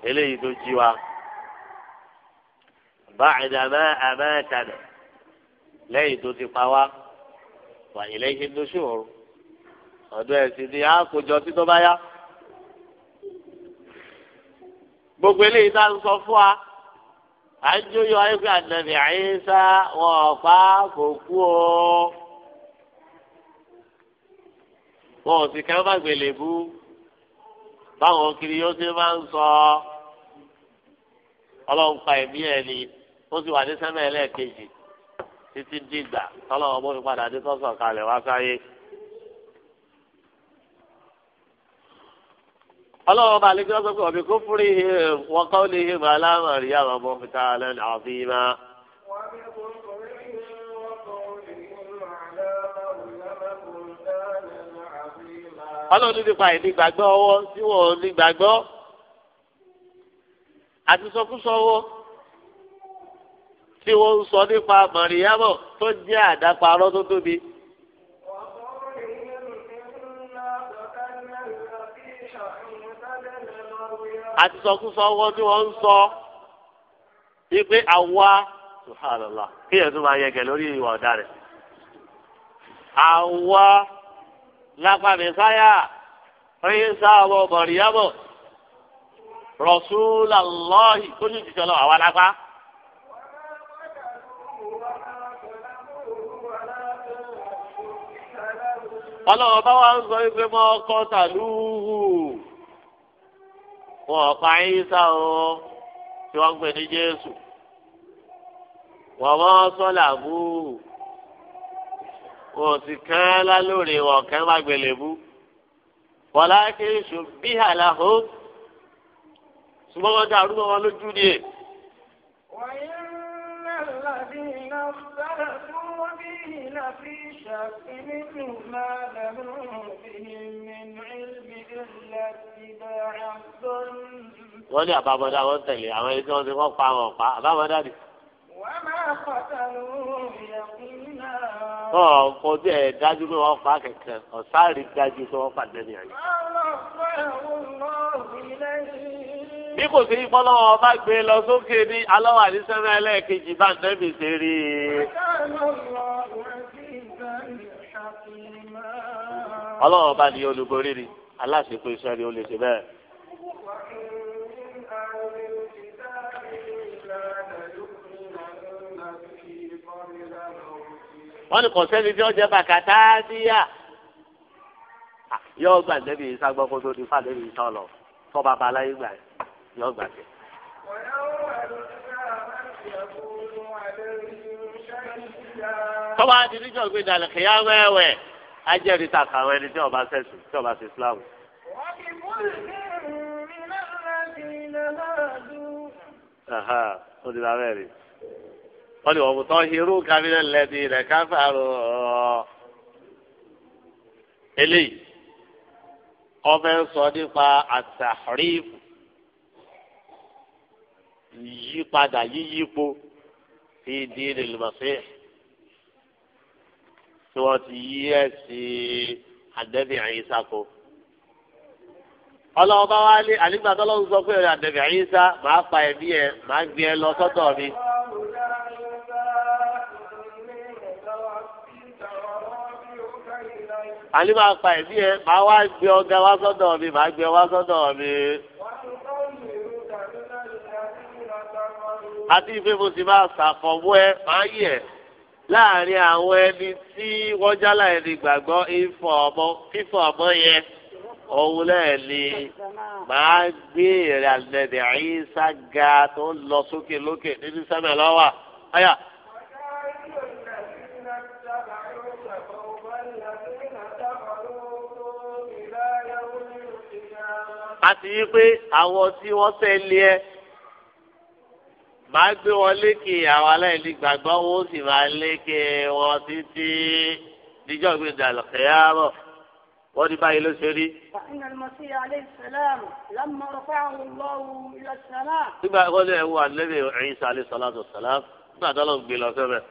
eléyìí tó jí wa báyìí àmọ́ lẹ́yìn tó ti pa wá wà ilé iṣẹ́ lóṣù ọ̀run ọ̀dọ̀ ẹ̀sìn ni àkójọ títọ́ bá yá. gbogbo eléyìí tá a ń sọ fún wa à ń jóyọ ayéfẹ́ ànàbì àyíṣà wọn ọ̀pá kò kú o. wọn ò sì kẹ́ bá gbèlè bú báwọn kiri yóò ṣe máa ń sọ ọlọ́run pa ẹ̀mí ẹ̀ ni ó sì wà ní sẹ́mẹ̀ títí dìgbà tọ́lọ́wọ́ bó fi padà dé tọ́sọ̀ kalẹ̀ wá sáyé. ọlọ́wọ́ bá alẹ́ kí wọ́n sọ pé ọ̀bí kó fúri wọ́n kọ́ lè hìm aláàmọ̀rí àwọn ọmọ fìtá alẹ́ àfi má. ọlọ́run nípa ìdígbàgbọ́ ọwọ́ tí wọ́n ò ní gbàgbọ́ àti sọkúsọ ọwọ́ tí wọ́n ń sọ nípa mọ̀ríyámọ̀ tó jẹ́ àdáparọ́ tó tóbi. àti sọkúsọ wọn tí wọn ń sọ wípé àwa subhanallah kéèyàn tó máa yẹgẹ lórí ìwà ọ̀daràn àwa lápàdé sáyà ríṣà ọmọ bọ̀rìyàmọ̀ rọ̀ṣúlàlọ́hì tó ní lọ àwa lápá. ọlọ́run ń sọ wọn ọ̀pá ayíṣà o tí wọ́n ń pè ní jésù wọ́n mọ́ sọ́là bú wọn ò sì kán lálórí wọn kán má gbélé bú wọn láàkì ìṣù bí àlàó ṣùgbọ́n wọn dàrú wọn lójú ni. الذين اختلفوا فيه لفي شك منه ما لهم به من علم إلا اتباع الظن wọ́n ní àbábọ́dá wọ́n tẹ̀lé àwọn ẹni tí wọ́n ti wọ́n pa wọn pa àbábọ́dá ni. wọ́n máa pàtàkì ìyàkùn náà. ọ̀ kò tí ẹ̀ dájú pé wọ́n pa kẹ̀kẹ́ ọ̀sáàrí dájú pé wọ́n pa dẹ́nìyàn. wọ́n lọ fún ẹ̀wọ̀n náà nílẹ̀ bí kò sí ìpọ́lọ́wọ́ ọba gbé lọ sókè ní alọ́wọ́ àdísẹ́nà ẹlẹ́ẹ̀kejì bá nẹ́bì ṣe rí i. ọlọ́wọ́ ọba ni olùborí ni aláṣepọ̀ iṣẹ́ ni ó lè ṣe bẹ́ẹ̀. wọ́n ní kọ̀sẹ́ni tí wọ́n jẹ́ bàkàtà níyà ah, yọ gbà nẹ́bì ìsagbọ́kọ́ tó ti fà nẹ́bì ìsọ̀lọ̀ tọ́ba balayé gbà yẹn yọ gbà tẹ. tọ́ba ti níjọ́ gbé dalẹ̀ kìyà wẹ́wẹ́ ajẹ́rìí ta kàwọn ẹni tí ọba sẹ́sùn tí ọba sí Islam. ó ti bá bẹ́ẹ̀ rí wọ́n ní wọ́n irú kábínẹ̀ lẹ́bi rẹ̀ káfàrọ̀ eléyìí ọbẹ̀ sọ nípa àtàrífù yípadà yíyípo fi di ìrìlùmọ̀sí tí wọ́n ti yí ẹ̀sìn àdẹ́bí àyíṣà kó. ọlọ́wọ́ bá wá lé àlígbàtọ́ lọ́wọ́ sọ pé àdẹ́bí àyíṣà máa pa ẹ̀mí ẹ̀ máa gbé ẹ lọ sọ́tọ̀ mi. àlígbàtọ́ pa ẹ̀mí ẹ̀ máa wá gbé ọgá wá sọ́dọ̀ mi máa gbé ọ wá sọ́dọ̀ mi. àti ìfẹ́ mo sì máa ṣàfọ̀mọ́ ẹ máa yẹ láàrin àwọn ẹni tí wọ́n jálà ẹni gbàgbọ́ ìfọ̀ ọmọ fífọ̀ ọmọ yẹn òun náà ni màá gbé èrè àlẹ́dẹ̀ àyíṣà ga tó ń lọ sókè lókè nínú sẹ́mi lọ́wọ́ àyà. àti yí pé àwọn tí wọ́n tẹ̀lé ẹ máa gbé wọn lékè àwọn aláìní gbàgbọ́ wọn ó sì máa lékè wọn títí níjọ́ gbèdà lọ́kẹ́yàrọ̀ wọ́n ní báyìí ló ṣe rí. nígbà tó lè wọ àlẹ́bẹ̀ Ìsá alayhi salatu wa salam nígbà tó lọ gbé lọ sẹ́bẹ̀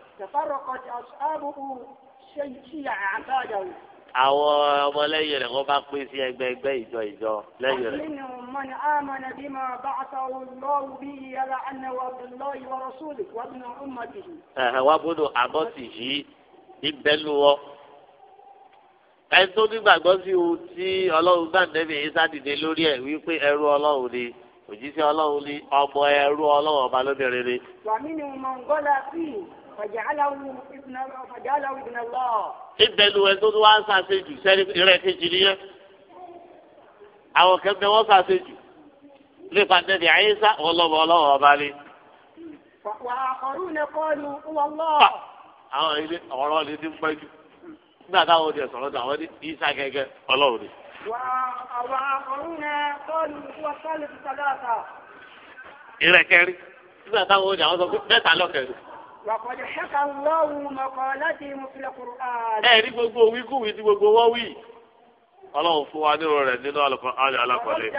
àwọn ọmọlẹ́yìn rẹ̀ wọ́n bá pé sí ẹgbẹ́ ẹgbẹ́ ìjọ ìjọ lẹ́yìn rẹ̀. nínú mọ̀nà àmọ̀nà bí mo bá àtàwọn olóòwò bí yàrá àná wà bùnú ìwà rọ̀ṣúlì wà bùnú ọmọdé yìí. ẹ̀hẹ̀ wá gbọ́dọ̀ àbọ̀tì yìí ìbẹ́lú wọ. ẹni tó nígbàgbọ́ sí ohun tí ọlọ́run bá nẹ́bí yìí sádìde lórí ẹ̀ wípé ẹrú ọlọ́run ni òjíṣẹ́ ọlọ́run ni ọmọ ẹrú ọlọ́run ọba lóbìnrin ni. wàmí ni mo ń fàjálà ibn Allah. ìbẹ̀lú ẹ tó tún wá ń ṣàṣejù sẹ́ni rẹ̀ kejì nìyẹn. àwọn kẹ́kẹ́ wọ́n ṣàṣejù nípa tẹ̀lé àyíṣà ọlọ́wọ́ ọlọ́wọ́ ọba ni. wà á kọ̀rú ni kọ́ọ̀lù wọlọ́. àwọn ilé ọ̀rọ̀ ni ti ń pẹ́ jù nígbà táwọn ò di ẹ̀sọ̀rọ̀ tó àwọn ní ìṣà gẹ́gẹ́ ọlọ́run ni. wà á kọ̀rú ni kọ́ọ̀lù wọ́n sọ́ọ̀lù ti sọ wàkọ̀dé ṣẹ́ka lọ́wọ́ mọ̀kọ́ láti mú filẹ̀ kúrán. ẹ ní gbogbo wíkúwí tí gbogbo wọ́n wí ọlọ́run fún wa nírò rẹ̀ nínú alákọ̀ọ́lẹ̀.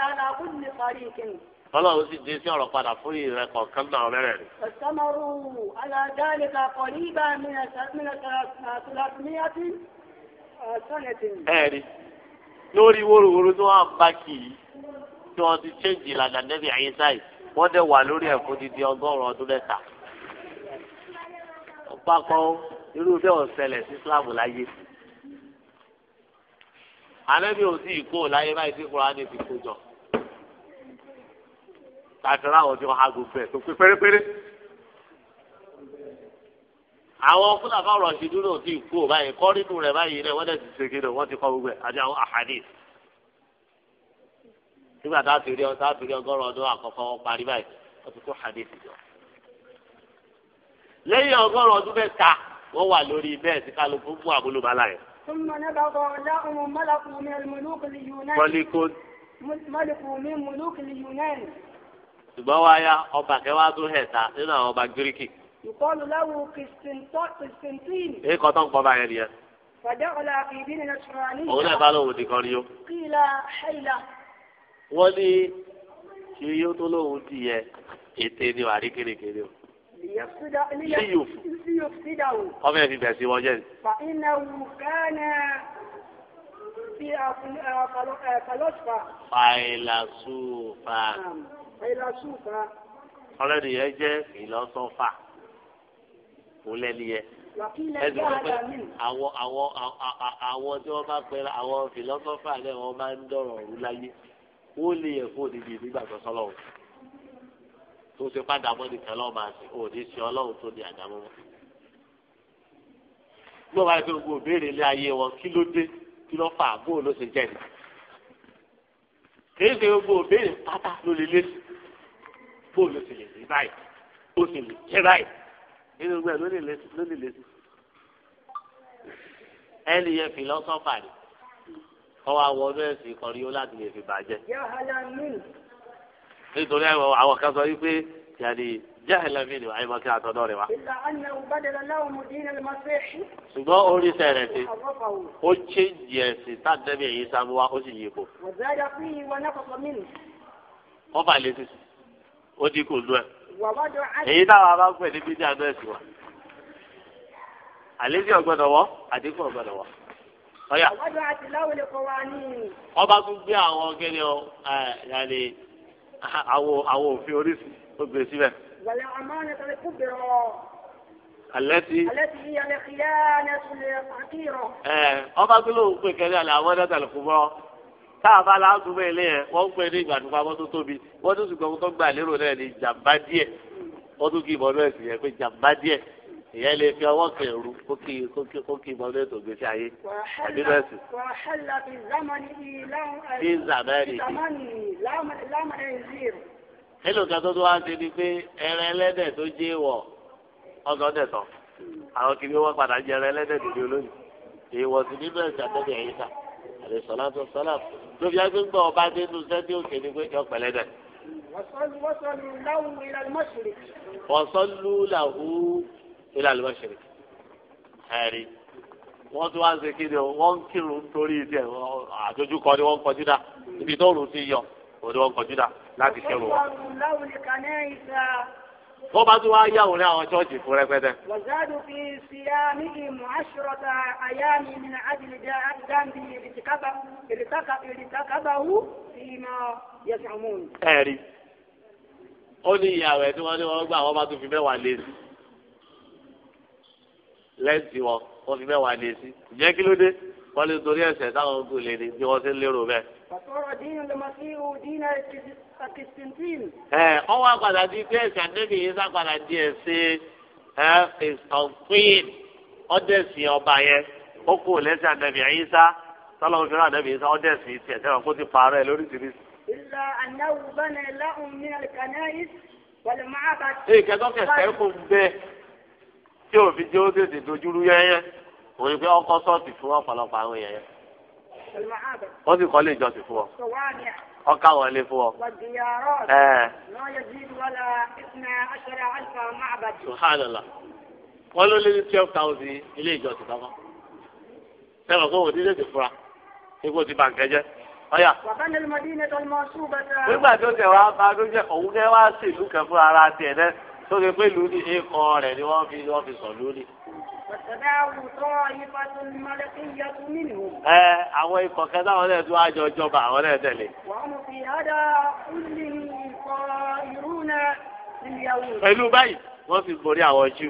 ọlọ́run sì dé sí ọ̀rọ̀ padà fún ìrẹ́ kọ̀ọ̀kan náà rẹ̀ rẹ̀. ọ̀sánmọ́rù aládàálẹ̀ka kọ̀ ní ibà mìíràn ẹ̀rí lórí wóróworó tí wọ́n bá kì í tí wọ́n ti ṣéǹjì ìlànà nẹ́bí àyíṣáì pápá ó irú bẹ́ẹ̀ ò sí Islam láyé. àlẹ́bí ò sí ìkó láyé báyìí tí kúránì ti kó jọ. tàtàrà àwọn tí wọ́n ha gbogbo ẹ̀ tó pé pérépéré. àwọn fúlàfà rọ̀ṣì dúró sí ìkó báyìí kọ́rínù rẹ̀ báyìí rẹ̀ wọ́n dẹ̀ ti ṣe kéde wọ́n ti kọ́ gbogbo ẹ̀ àti àwọn ahadith nígbà tá a ti rí ọgọ́rùn ọdún àkọ́kọ́ wọn parí báyìí wọ́n ti kó hadith jọ lẹ́yìn ọgọ́rùn ọdún mẹ́ta wọ́n wà lórí bẹ́ẹ̀ tí kálukú fún àbúlùbálà yẹn. ṣùgbọ́n wá yá ọba kẹwàá tún hẹ̀ ta nínú àwọn ọba gíríkì. ìkọlù láwù kìsìntín. èyí kọ́ tó ń pọ́ba yẹn nìyẹn. fàdákọ̀lá ìdí ni nasarani. òun náà bá lóun di kan ni o. kíla ṣẹlá. wọ́n ní kí yóò tó lóun di yẹ ètè ni wàá rí kérekére o liyufsidahu. ọmọ ẹ̀ fi bẹ̀ sí wọ́n jẹ́ ni. fa innahu kana fi àfàlọ́sùfà. fàìlàsùfà. fàìlàsùfà. ọlọ́ni yẹn jẹ́ ìlọ́sọ́fà kò lẹ́ni yẹn ẹsùn wọn pé àwọn àwọn àwọn tí wọn bá pẹ àwọn fìlọ́sọ́fà náà wọn máa ń dọ̀rọ̀ ọ̀rú láyé ó lè yẹ kó níbi ìdígbà tó sọ́lọ́wọ́ tó ṣe padà mọ́ nìkan lọ́ọ́ máa ṣe òní ṣe ọlọ́run tó ní àdámọ́ wọn. bí wọ́n bá rí pé gbogbo òbéèrè ilé ayé wọn kí ló dé kí ló fà á bóò ló ṣe jẹ́ ni. kì í ṣe gbogbo òbéèrè pátá ló lè lésì bóò ló ṣe lè rí báyìí ó sì lè jẹ́ báyìí nínú gbẹ ló lè lésì. ẹnì yẹn fìlọ́sọ́fà ni kọ́ wa wọ ọdún ẹ̀sìn kan rí ó láti lè fi bàjẹ́. yọ nítorí àwọn kan sọ wípé yàrá jahila mi ni ayi ma kí a tọ dọ de wa. ṣùgbọ́n orí sẹ̀rẹ̀ ti ó ṣe jẹ̀ sí tá dẹ́bi èyí sábú wa ó sì yí kó. wọ́n bá lé sísè ó dín kù lú ẹ̀. èyí táwa bá pè ní bídí àdírẹ́sì wa. àlejò ọ̀gbọ́dọ̀ wọ́ àdínkù ọ̀gbọ́dọ̀ wọ́. ọ̀yà ọba tún gbé àwọn kẹ́ni ọ̀ ẹ̀ àwọ̀ àwọ̀ òfin oríṣi ó gbé síbẹ̀. wàlẹ̀ àmàlà tẹ̀lé kú bẹ̀rọ̀. alẹ́ ti. alẹ́ ti yíyan lè kíyà ní ẹ̀sùn lè àkírọ̀. ẹ ọba gbélé òun pè kẹ́lẹ́ àlẹ́ àwọn ẹ̀dá tẹ̀lé kú bọ́ káàbá làásùmọ̀ ilé yẹn wọ́n pè ní ìgbàdùnkọ́ abọ́ tó tóbi wọ́n tún sì gbọ́ tó gbà lérò náà ní jàmbá díẹ̀ wọ́n tún kì í bọ́ ìyẹn lè fi ọwọ́ kẹrù kókì kókì kókì mọ́lẹ́ ètò ìgbésí ayé àbí bẹ́ẹ̀ sì. fi zamani yìí. nílùú kan tó tó wá ń ṣe ni pé ẹran ẹlẹ́dẹ̀ tó jẹ́ wọ̀ ọ̀sán dẹ̀ tán àwọn kìnìún wọn padà jẹ ẹran ẹlẹ́dẹ̀ tó di olóyìn ìwọ̀sùn nínú ẹ̀sìn àtẹ́bí ẹ̀yìn ká àlè sọ̀lá tó sọ́lá tó fi ẹgbẹ́ gbọ́ ọba dénú sẹ́tí òkè ni pé yọ pẹ̀lẹ́dẹ̀. wọ́sọ̀lù làwù ilé àlùbọ̀ṣẹ̀rẹ̀ ẹ̀rí wọ́n tún wá ń ṣe kí ni wọ́n ń kírun torí tiẹ̀ àdójúkọ ni wọ́n ń kọjú dá ibi tó rùn ti yọ òde wọ́n ń kọjú dá láti kírun wọ́n bá tún wá yàwó ní àwọn ṣọ́ọ̀ṣì fún rẹpẹtẹ. wàzádù fi ṣíyá níbi mọ̀ṣọ́rọ̀tà àyámi ní àdìlẹ̀dẹ̀ àdìdáǹdì ìrìtàkàbàwù ìmọ̀ yẹ̀sàmù. ẹ̀rí ó ní ìyàwó ẹ̀ tí wọ́n ní wọ́n gbà wọ́n bá tún fi mẹ́wàá lé sí lẹ́ǹtì wọn wọ́n fi mẹ́wàá lé sí ìjẹ́ kí ló dé wọ́n lè torí ẹ̀sẹ̀ táwọn ogun lè ní bí wọ́n ń lérò bẹ́ẹ̀. ẹ wá padà di pé ẹ̀sẹ̀ àdébì yìí sá padà di ẹ̀sìn ẹ ìsọ̀kùn ọ̀dẹ̀sìn ọba yẹn ó kú lẹ́sẹ̀ àdébì yìí sá tọ́lọ́mù fẹ́ràn àdébì yìí sá kó ti àná tí fi jẹ́ ó tètè dojúrú yẹ́yẹ́ òun ni pé ọkọ sọ́ọ̀tì fún ọ̀pọ̀lọpọ̀ àwọn èèyàn o sì kọ́ lè jọ sí fún ọ ọkà wọlé fún ọ. wọ́n ló lé ní twelve thousand ilé ìjọsìn kankan sẹ́wọ̀n kó lè ti fura ipò ti bà ń kẹ́jẹ́ ọ̀yà. nígbà tó tẹ̀ wá bá a jẹ́ òun kẹ́ wá sí ìlú kẹ́ fún ara tiẹ̀ náà. tó ṣe pé lùdí ní kan rẹ̀ ni wọ́n fi wọ́n fi sọ lórí. ẹ àwọn ikọ̀ kẹta àwọn náà tún àjọ ìjọba àwọn náà tẹ̀lé. pẹ̀lú báyìí wọ́n fi borí àwọn jù.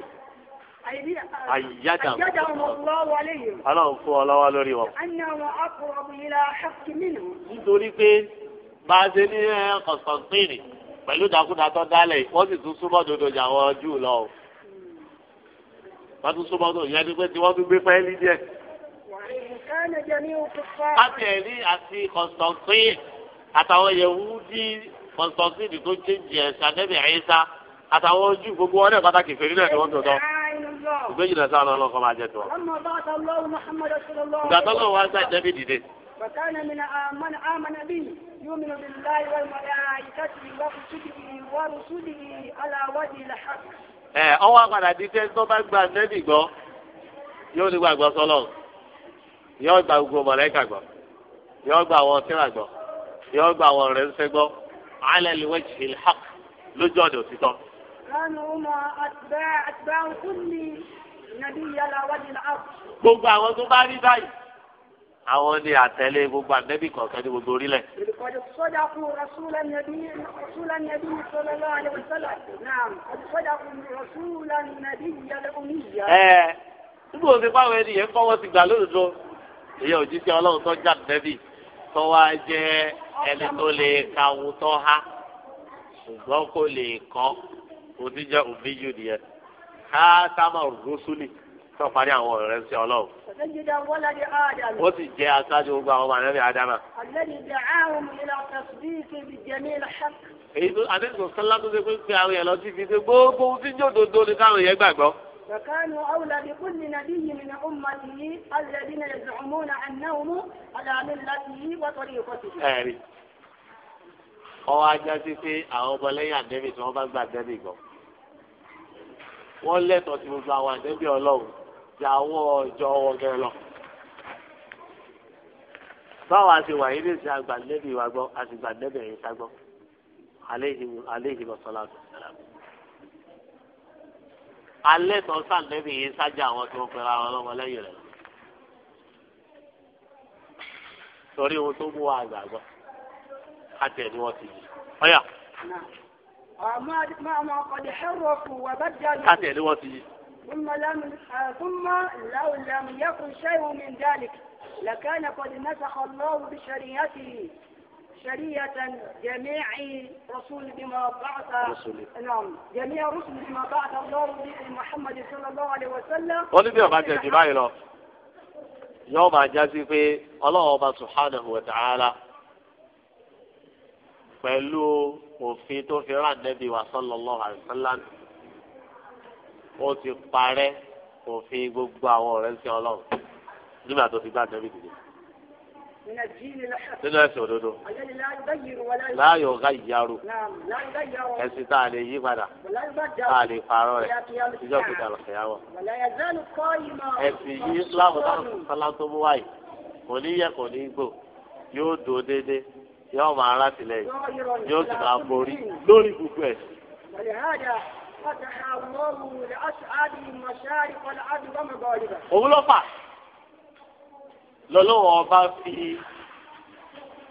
Àyíyájà ọlọ́run fún ọ lọ́wọ́ lórí wọn. Nítorí pé bá a ṣe ní ọ̀sán pínrin pẹ̀lú ìdákúdá tó dálẹ̀ wọ́n sì tún súnmọ́ dodo jà wọ́n jù lọ o wọ́n tún súnmọ́ dodo yẹn ni pé tí wọ́n tún gbé pẹ́ẹ́lí díẹ̀. káfíń ẹ̀rí àti Constantine àtàwọn Yẹhudi Constantine tó chéjì ẹ̀sà nẹ́bí ẹ̀yẹ́sà àtàwọn ojú gbogbo wọn náà pàtàkì fèrè náà ni wọ́n tó tọ́ ìgbéjìlá sáà lọ́lọ́kọ́ máa jẹ وكان من من آمن به يؤمن بالله وملائكته وكتبه ورسله على وجه الحق. ẹ ọwọ́ àpàdà bíi fẹ́ tó bá gba nẹ́bì gbọ́ yóò ní gbàgbọ́ sọ́lọ́ yóò gba gbogbo mọ̀lẹ́kà gbọ́ yóò gba àwọn tíra gbọ́ yóò gba àwọn ọ̀rẹ́ ńṣẹ́ gbọ́ alẹ́ lè wọ́n ṣe lójú ọ̀dọ̀ òtítọ́. gbogbo àwọn tó bá rí báyìí. àwọn ni àtẹlé gbogbo ànẹ́bí kọ̀ọ̀kan ní gbogbo orílẹ̀. ìkọ̀dù sọ́jà fún rasulanabi rasulanabi sọlọ́lá alẹ́wọ̀sọ́lá náà ìkọ̀dù sọ́jà fún rasulanabi yalẹ́wọ̀nìyà. ẹ nígbà wo ti báwọn ènìyàn kọ́ wọ́n ti gbà lóòótọ́ ìyá òjíṣẹ́ ọlọ́run tó jà nẹ́bí tó wá jẹ́ ẹni tó lè ka ohun tó há ṣùgbọ́n kó lè kọ́ oníjà òbí yù nìyẹn ká sámà tó parí àwọn ọ̀rẹ́ sí ọlọ́run. ó sì jẹ́ aṣáájú gbogbo àwọn ọmọ àlẹ́bí adama. èyí tó adéǹtò sọlá tó ṣe pé pé àwọn èèyàn lọ sí ibi tó gbogbo ohun tí ń jòdòdó ni káwọn èèyàn gbàgbọ́. فكانوا أولى بكل نبي من أمته الذين يزعمون أنهم على ملته وطريقته. ẹ̀rí ọwọ́ ajá sí pé àwọn ọmọlẹ́yìn àdẹ́bì tí wọ́n bá gbà dẹ́bì gan wọ́n ju àwọn ọjọ́ wọgẹ́ lọ. báwa ti wà yín nísìnyí àgbàdébì wa gbọ́ àti gbàdébì ẹ̀yìn sá gbọ́ aléhìí lọ sọlá tó sọlá. alẹ́ tó sàǹdẹ́bì yín sájà àwọn tó ń pera àwọn ọlọ́mọlẹ́yìn rẹ̀ lọ. torí ohun tó mú wa àgbàgbọ́ àtẹ̀ ni wọ́n ti yìí. ọ̀yà. ọkọ̀ ni ẹ̀rọ ثم لم ثم لو لم يكن شيء من ذلك لكان قد نسخ الله بشريعته شريعة جميع رسول بما بعث نعم جميع رسل بما بعث الله محمد صلى الله عليه وسلم wọ́n ní bí ọba jẹ́ jù báyìí lọ yóò máa já sí pé ọlọ́run ọba subhanahu wa ta'ala pẹ̀lú òfin tó fi rán nẹ́bí wa sallallahu alaihi wasallam ó ti parẹ́ kò fi gbogbo àwọn ọ̀rẹ́ sí ọlọ́run nígbà tó ti gbá àtẹ́bí dìde. nínú ẹ̀sìn òdodo láàyò ọ̀gá ìyàrú ẹ̀sìn tá a lè yí padà tá a lè parọ́ rẹ̀ ìjọ kìtà lọ́sẹ̀ yà wọ̀. ẹ̀sìn yìí láwọn táwọn tó mú wáyé kò ní yẹ kò ní gbò yóò dúró déédéé yóò máa rátìlẹ́yìn yóò sì máa borí lórí gbogbo ẹ̀sìn òun ló fà lọ́lọ́wọ́ ọba fi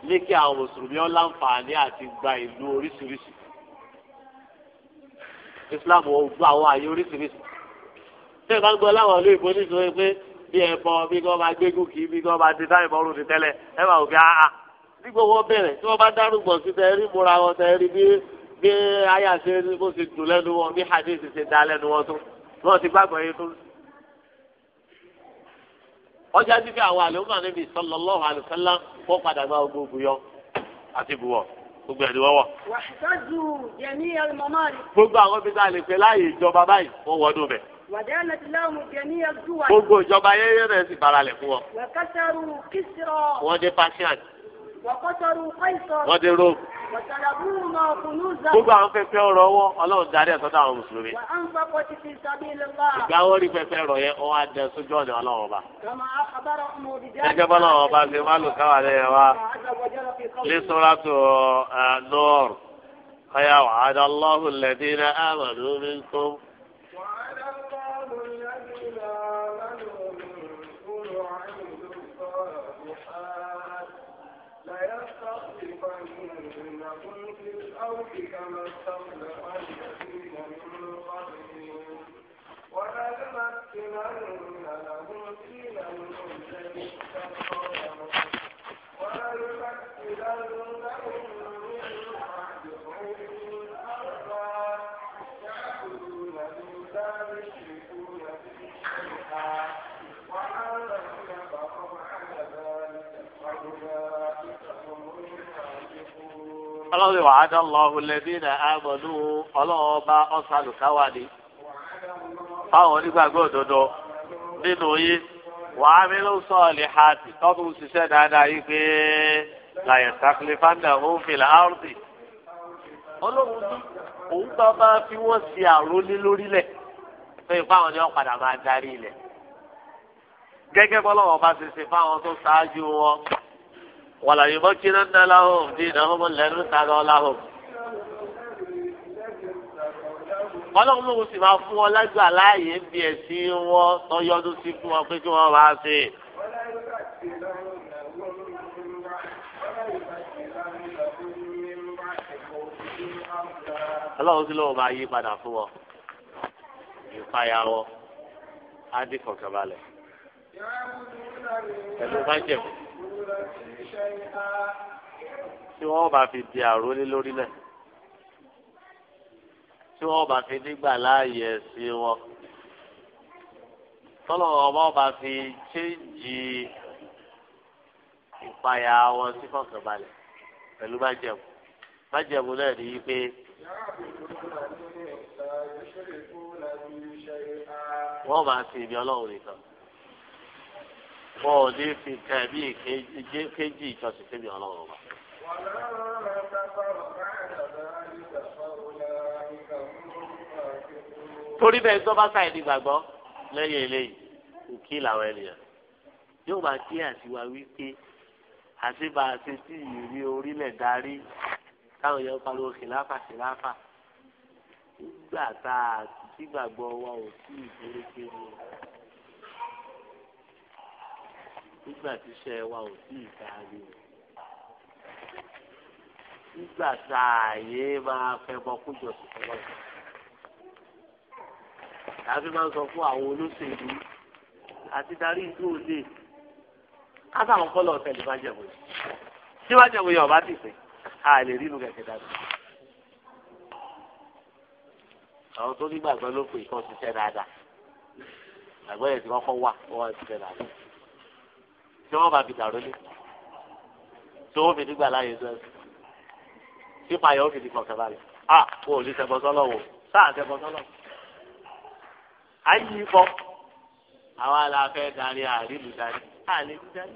ní kí àwọn mùsùlùmí ọ̀ láǹfààní àti gba ìlú oríṣiríṣi islam ò gba àwọn àyè oríṣiríṣi ṣé ìbá ń gbọ́ láwọn ìlú ìbò nítorí pé bí ẹ bọ bí kí wọ́n bá gbégùn kí bí kí wọ́n bá ti dá ìbọn rùn ní tẹ́lẹ̀ ẹ máa wò pé áá nígbà wọ́n bẹ̀rẹ̀ tí wọ́n bá dárúgbọ̀n sí tẹ́ múra wọn tẹ́ bí bí aya ṣe bó ṣe dùn lẹ́nu wọn bí hadith ṣe da lẹ́nu wọn tó wọn ti gbàgbọ́ yín tó. ọjà ti fi àwọn àlùmọ́ níbi sallallahu alaihi wasallam wọ́n padà máa gbogbo yọ àti bùwọ̀ gbogbo ẹ̀dùn wọ́wọ́. wàhálàjú jẹ̀mí ẹlmọ́mọ́ rẹ̀. gbogbo àwọn bí tá lè pè láàyè ìjọba báyìí wọ́n wọ́dún bẹ̀. wàdánà ti láwọn jẹ̀mí ẹlmọ́mọ́ gbogbo ìjọba ayẹyẹ rẹ̀ sì bàrà fún wọn. wàkàtàrù kìsìrọ̀. wọ́n dé pàṣẹ wọ́n ti ró. gbogbo àwọn pẹpẹ ọ̀rọ̀ wọn Ọlọ́run darí ẹ sọ́dọ̀ àwọn mùsùlùmí. ìgbà wọn rí pẹpẹ ọ̀rọ̀ yẹn wọn á dẹ sójú ọ̀nà Ọlọ́run ọba. gẹ́gẹ́ bọ́lá wọn bá ṣe má lò káwá lẹ́yìn wa lè sọ́ra tó nọ́ọ̀rù. ọ̀yà wàhálà Allahu alladhina amanu minkum. في الأرض كما استغنى عن لهم الذي استغفرهم ọlọ́run ìwà àdá lọ́hùn lẹ́bí nà ọlọ́run ọba ọ̀sálùkáwà ni fáwọn onígbàgbọ́ nínú yín wàá mi ló sọ ọ̀lẹ̀ hàtì tọ́kùn ṣiṣẹ́ dáadáa yìí pé làyè ọlọ́run ní òun bá fi wọ́n ṣe àrólé lórílẹ̀ pé ni wọ́n padà máa darí ilẹ̀ gẹ́gẹ́ bọ́lọ́wọ́ bá ṣe wàlà yìí mọ́ kí náà ná láhùn ní ìnáwó mọ́ lẹ́nu ta lọ láhùn. ọlọ́run ló sì máa fún wọn lágbà láàyè ń bí ẹ̀sìn wọn tó yọdún sí fún wọn pé kí wọ́n máa ṣe. ọlọ́run sì lóun máa yí padà fún wọn ìpayà wọn á dín kọ̀ọ̀kan balẹ̀ pẹ̀lú bá jẹ̀mú tí wọ́n bá fi di àrólé lórí lẹ̀ tí wọ́n bá fi nígbà láàyè ẹ̀sìn wọn tọ́lọ́wọ́ ọmọ bá fi chéǹjì ìpayà wọn sí fọkànbalẹ̀ pẹ̀lú májẹ̀mú májẹ̀mú náà ní pé wọ́n máa sin ibi ọlọ́run nìkan wọn ò ní fi kan bí kéjì ìjọsìn kébi ọlọ́run wa. torí bẹ́ẹ̀ tó bá sáyé ní gbàgbọ́ lẹ́yìn eléyìí kò kí làwọn ènìyàn yóò máa kí àtiwá wípé àti bá a ṣe sí ìrírí orílẹ̀ darí táwọn èèyàn pariwo kìláfà kìláfà nígbà tá a ti gbàgbọ́ wa ò sí ìgbélékè nígbà tí iṣẹ́ wa ò tí ì dárí o nígbà tá a yé máa fẹ́ bọ kújọ tuntun lọ́sọ̀ tàbí máa ń sọ fún àwọn olóṣèlú àti darí ìlú òde kásáwọn kọ́lọ̀ ọ̀tẹ̀lẹ̀ bá jẹ̀wò yìí tí bá jẹ̀wò yìí ọ̀bá ti pè á lè rí inú kẹ̀kẹ́ dájú. àwọn tó nígbàgbọ́ ló pè kí wọ́n ti tẹ́ dáadáa àgbẹ̀yẹ̀ tí wọ́n kọ́ wà wọ́n ti tẹ́ dáadáa tí wọ́n bá fi dàrú lé tí wọ́n fi nígbà láàyè sọ tí payọ̀ fi di kọ̀ọ̀kan balẹ̀ à wọ́n ò lè sẹ́bọ̀ sọ́lọ̀ wò sáà sẹ́bọ̀ sọ́lọ̀ ayé ikọ̀ àwa la fẹ́ darí àrílù darí àlè darí.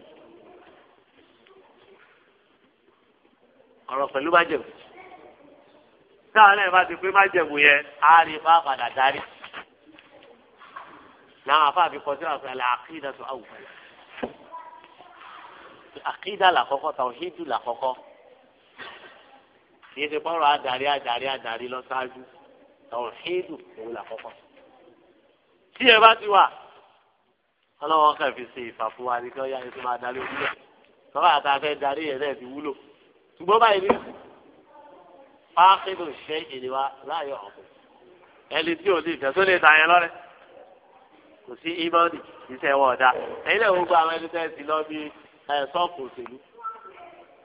ọ̀rọ̀ pẹ̀lú májẹ̀mú táwọn náà bá ti pé májẹ̀mú yẹn á rí bá padà darí làwọn afáàfin kọsílẹ̀ àfẹ́ làákìdá tó àwùjọ àkídà làkọ́kọ́ tàwíhídù làkọ́kọ́ kìí ṣe pọ́nrọ́ adarí adarí adarí lọ sáájú tàwíhídù òun làkọ́kọ́ tí ẹ bá ti wà ọlọ́wọ́n kàn fi ṣe ìfàfù wa ní kí wọ́n yá ẹni tó máa darí ojú rẹ̀ tọ́lá àtàfẹ́ darí yẹn náà ti wúlò ṣùgbọ́n báyìí ní fáfíìlù ṣe ìlera láàyò ọ̀gbìn ẹni tí ò ní ìfẹ́ tó lè ta yẹn lọ́rẹ́ kò sí ìmọ̀ọ́nì iṣẹ́ wọn ọ̀dà ẹ̀yin náà gbogbo àwọn ẹni tẹ́ ti lọ bí ẹ̀ sọ́ọ̀kù òṣèlú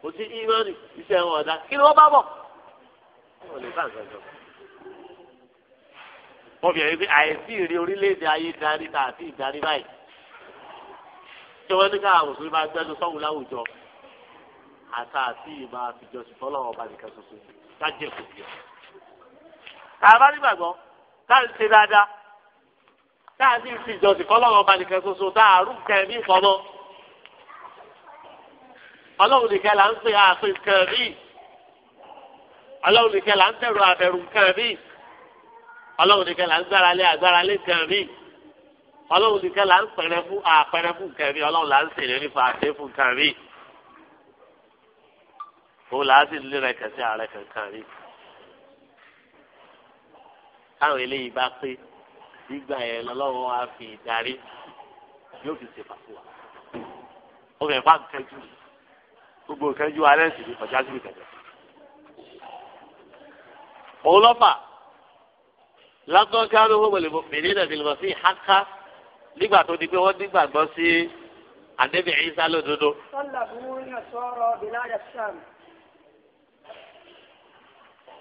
kò sí ìmọ̀rì iṣẹ́ wọn ọ̀dà kí ni wọ́n bá bọ̀ wọ́n lè bá nǹkan jọ. wọ́n fi ẹ̀rí pé àìsí ìrí orílẹ̀-èdè ayé darí ta àti ìdarí báyìí tí wọ́n ní káà mùsùlùmí máa gbẹ́nu sọ́wọ́ láwùjọ àtà àti ìmọ̀ àfijọ́sìn fọlọ́wọ́ bá nìkan ṣoṣo lájẹ̀ kò bí ọ. àbá nígbàgbọ́ táà ń ṣe dáadáa táà ń fi ìjọsìn fọlọ́wọ́ bá nìkan ṣoṣo táà rú kẹ́mí ìfọmọ́ ọlọ́run nìkan là ń pè àpè nǹkan mí ọlọ́run nìkan là ń bẹ̀rù àbẹ̀rù nǹkan mí ọlọ́run nìkan là ń gbára lé àgbára lé nǹkan mí ọlọ́run nìkan là ń pẹrẹ fún àpẹrẹ fún nǹkan mí ọlọ́run là ń sèré nípa àṣẹ fún nǹkan mí òun là á sì lé rẹ kẹsí ààrẹ kankan mí káwọn eléyìí bá pé nígbà yẹn lọ́lọ́run á fi darí yóò fi ṣèpàfọ́ wa ó fẹ́ fà kẹ́jú yìí gbogbo ìkẹjú alẹ́ sì ní kọjá sí ìkẹjọ. òun lọ́fà lágbọ́n kí arúgbó wọlé mèlè nàbí lọ sí haka nígbà tó di pé wọ́n nígbàgbọ́ sí àdébì ìsá lódodo. sọ́là bú ní ọ̀sọ́rọ̀ bìláyà sàm.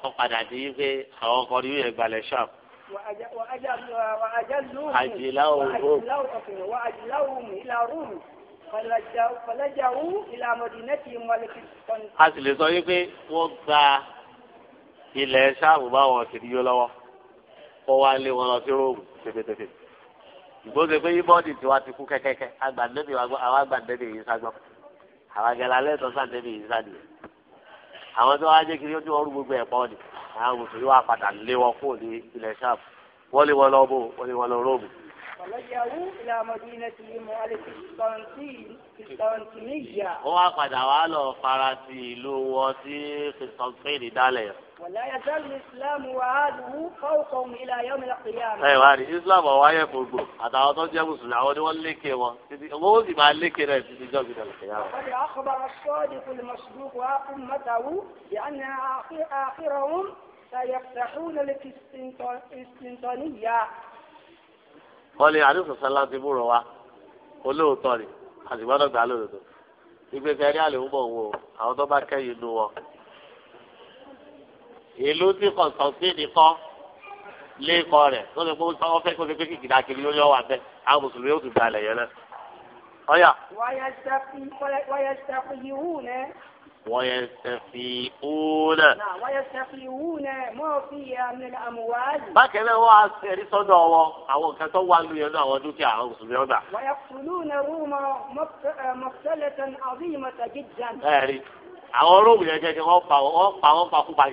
wọ́n padà di pé àwọn ọkọ̀ ni yóò gbalẹ̀ sàm. وأجلوهم وأجلوهم إلى روم fọlẹ́jàwú ìlàmọ̀dì nẹ́tì mọ́lẹ́kì tọ́ni. a sì lè sọ yí pé wọ́n gba ilẹ̀ ṣáàbù báwọn ti yó lọ́wọ́ kó wá lé wọn lọ sí róòmù tẹ́fẹ́tẹ́fẹ́ ìbò ṣe pé yíbọ́ọ̀dì tiwa ti kú kẹ́kẹ́kẹ́ agbàndébì àwọn agbàndébì yìí ságbọ́n àwọn agẹlẹ alẹ́ tó sàndébì yìí sàdìyẹ àwọn tó wáá jẹ́ kiri ojú ọrùn gbogbo ẹ̀ pọ́ọ̀dì àwọn mùsùlùmí wà padà lé wọn kúrò ní ilẹ̀ ṣáàbù wọ́n lé wọn lọ́bù wọ́n lé wọn lọ róòmù فلجأوا إلى مدينة قسطنطين قسطنطينية هو قد أوالو فرسي لو وسي قسطنطيني دالي ولا يزال الإسلام وعاده فوقهم إلى يوم القيامة أيوة الإسلام وعاية فوقه حتى أعطوا جابوا سنعوا دي والليكي والليكي والليكي والليكي والليكي والليكي والليكي والليكي والليكي والليكي أخبر الصادق المصدوق وأقمته بأن آخر آخرهم سيفتحون الاستنطانية wọ́n lé àdúgbò sálá ti múrò wa olóòótọ́ ni àtìgbọ́dọ̀ gbà lóòótọ́ ìgbé kẹrí àlèwúbọ̀ wo àwọn tó bá kẹ́yìn inú wọn. ìlú tí kọ̀ǹtọ̀síìnì kọ́ lẹ́kọ̀ọ́ rẹ̀ tó lè kó sọ́wọ́ fẹ́ kó lè pé kìkìdá kiri lórí ọwọ́ abẹ́ àwọn mùsùlùmí yóò tún gbalẹ̀ yẹn náà. ọ̀yà. wáyà ṣàfihàn ويستفيئون ويستفيئون ما فيها من الأموال wọ́n á sẹ́rí sọ́dọ̀ wọn àwọn nǹkan tó wà lóye náà ويقتلون روما مقتلة عظيمة جدا. ẹ rí àwọn róòmù yẹn gẹ́gẹ́ wọ́n pa wọ́n pa wọ́n pa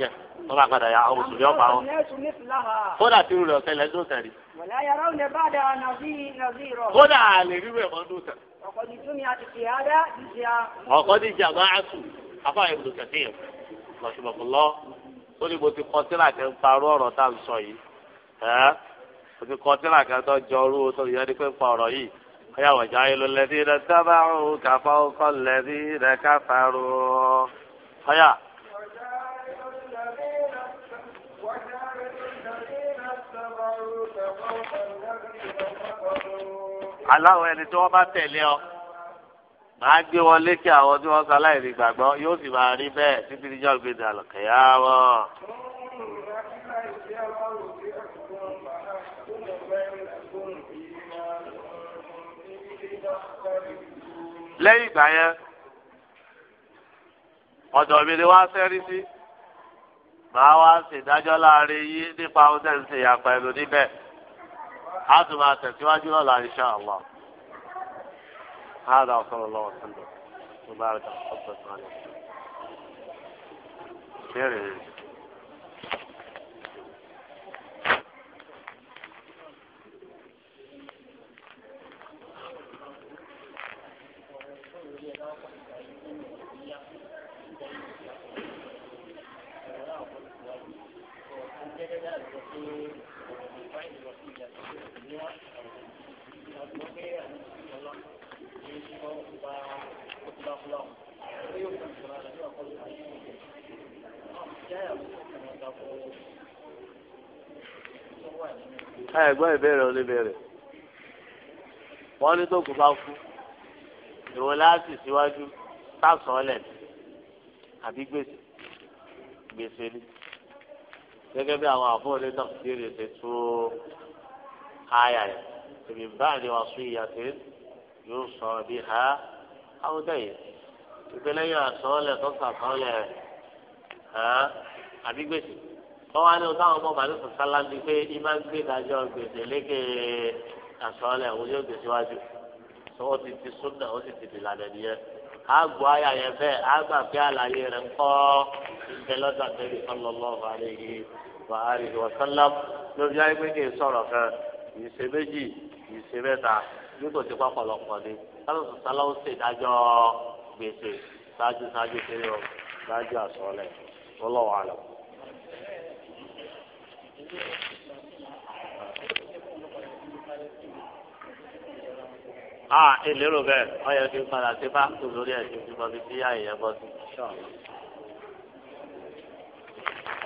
afáàyè ibùdó kẹfìyàn lọsibọbọlọ ó ní mo ti kọ sílà kẹ ń parọ́ ọ̀rọ̀ tá à ń sọ yìí ẹ mo ti kọ sílà kẹ tó jọ orú tó yẹ ni pé ń pa ọ̀rọ̀ yìí ọyà wọjà ìlú lẹbi rẹ dábà òun kàfà ọkọ lẹbi rẹ káfàrọ ọyà. aláwọ̀ ẹni tí wọ́n bá tẹ̀lé ọ máa gbé wọn lékè àwọn tí wọ́n ṣaláìní gbàgbọ́ yóò sì máa rí bẹ́ẹ̀ títí níjọ́ gbèdé àlùkẹ́yà wọn. lẹ́yìn ìgbà yẹn ọ̀dọ̀ mi ni wọ́n á sẹ́rí sí màá wá ṣèdájọ́ láàrin yín nípa ohun tẹ̀ ń ṣe ìyàpẹ̀ lò níbẹ̀ á tún máa tẹ̀síwájú lọ́la insha Allah. هذا وصلى الله وسلم وبارك على حبك وعلى ẹ gbọ́ ìbéèrè oníbéèrè wọ́n ní tó kù bá kú ìwọ láti síwájú sásán lẹ̀ àbí gbèsè gbèsè ni gẹ́gẹ́ bí àwọn àfọ̀ọ́lẹ́ náà ti rè ṣe tó àyà yẹn èmi bá ní wọn sún ìyàtẹ̀ yóò sọ bí ha áwùjọ yìí ìpínlẹ̀ yóò sọ tó sàkọ́ lẹ̀ hàn àbí gbèsè wọn wá ní o táwọn ọmọ màálù sọ sálá bíi pé ìmá ń gbé ìdájọ́ gbèsè lékè àsọlẹ òun yóò gbèsè wájú tó o ti ti súnà o ti ti dìlànà nìyẹn àgbò ayà yẹn bẹ́ẹ̀ àgbà pé àlàyé rẹ̀ ń kọ́ ìtẹ́lọ́dà tẹ́lẹ̀ sallallahu alaihi wa alihi wa sallam lórí ayé pé kì í sọ̀rọ̀ kan kì í ṣe méjì kì mẹ́ta bí kò ti pa pọ̀lọpọ̀ ni sálọ̀ sọ sálọ̀ ó ṣe ìdájọ́ gbèsè ṣáájú ṣáájú kéré o ṣáájú àsọlẹ̀ wọ́lọ́wọ́ àlọ́ a ìlérò bẹ́ẹ̀ ọ yẹ kí n padà sí fáàkì lórí ẹ̀sìn tí wọ́n fi sí àyè bọ́ sí.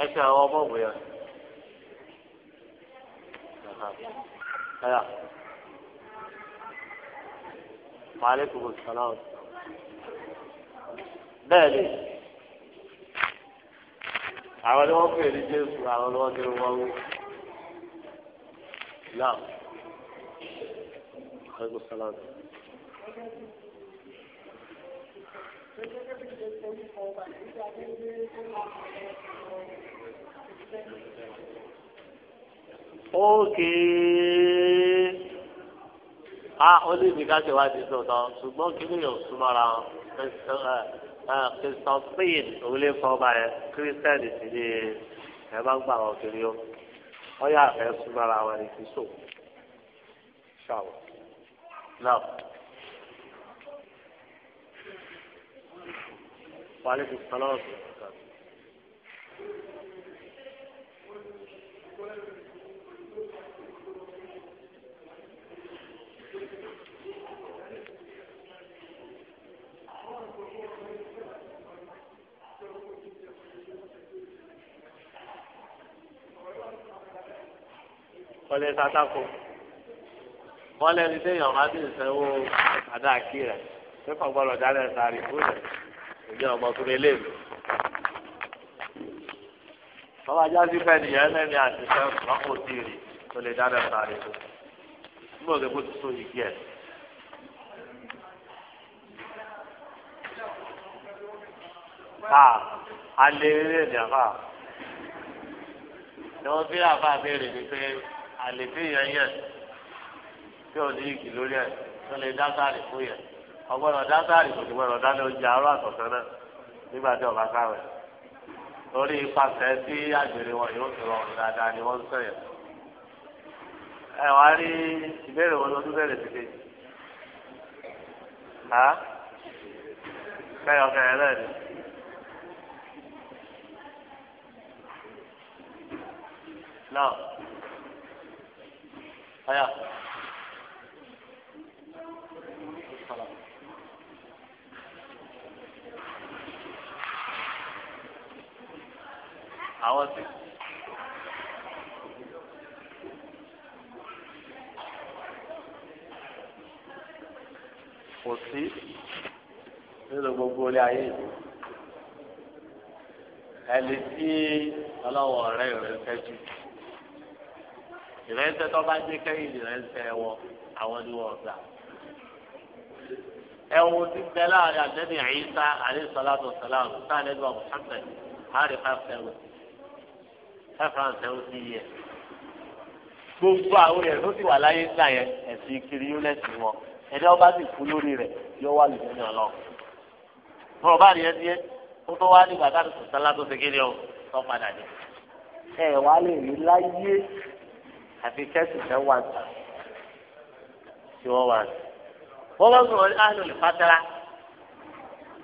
ẹ ṣe àwọn ọmọ òwe yẹn. Wa alaikum salaam. Bẹ́ẹ̀ ni àwọn ni wọ́n pè ní jésù àwọn ni wọ́n ti ń wọ́n wí. náà ọdún sálámù. ókè a ó ní ìdíkàṣe wa ti sọ̀tọ̀ ṣùgbọ́n kí ni yóò súnmọ́ra wọn kristophine ah, òun lè fọ ọba yẹn kírísítẹ́nì sì ni ẹ bá gbà wọn kiri o wọ́n yà fẹ́ súnmọ́ra wọn ní kristo ṣàwọ̀ náà. وعليكم السلام ورحمة الله kọ́lé sátákò mọ́lẹ́ ní sẹ́yìn máa ti sẹ́wó àdá kí rẹ̀ pépà gbọ́dọ̀ dálẹ̀ sáré fún rẹ̀ ìdí ọmọ tó lé lé mi. bàbá jáde fẹ́ nìyẹn lẹ́ni àti fẹ́ lọ́kùn tí ì rí tó lè dálẹ̀ sáré fún nígbà tó kó ti tó yìí kí ẹ̀. Ah, alẹ́ eré ìdí àfà ni wọ́n fi àfà béèrè ní pé. àlèfé yẹn yẹ tí o ní ìkì lórí ẹ tó lè dá fún yẹ ọgbọnọ dá kò sì gbọ́dọ̀ oúnjẹ arọ àtọ̀tọ̀ náà nígbà tí ọba sáwẹ̀ lórí ipasẹ̀ tí àgbèrè wọn yóò tó rọrùn dáadáa ni wọ́n ń ẹ wá rí ìbéèrè wọn lọ́dún bẹ̀rẹ̀ ha náà ni. ọ̀yà. àwọn sì. kò sí nínú gbogbo ilé ayé yìí ẹni tí ọlọ́wọ́ ọ̀rẹ́ rẹ̀ fẹ́ jù ìrẹsẹ̀ tó bá dé kẹ́yìn ìrẹsẹ̀ wọ àwọn ni wọ́n gbà. ẹ̀wọ̀n ti bẹ láàrin àdẹ́bí àyíṣà àdéṣọlátò sàlámù sáàlẹ́gbà Muhammad hàrí fáfẹ́wò fáfẹ́wò sí yẹ. gbogbo àwọn yẹn tó ti wà láyé ńlá yẹn ẹ̀sìn kiri yóò lẹ́sìn wọn ẹni ọba sì kú lórí rẹ̀ yóò wà lùdí ní ọlọ́run. bọ́ọ̀ bá rí ẹni yẹn tó tó wá nígbà tá a ti sọ̀tàn látó ọ tó padà dé. ẹ wàá lè rí láyé àfi kẹ́sì fẹ́ wà ta tí wọ́n wà ta. wọ́n bá sọ̀rọ̀ ní àlùlù fatara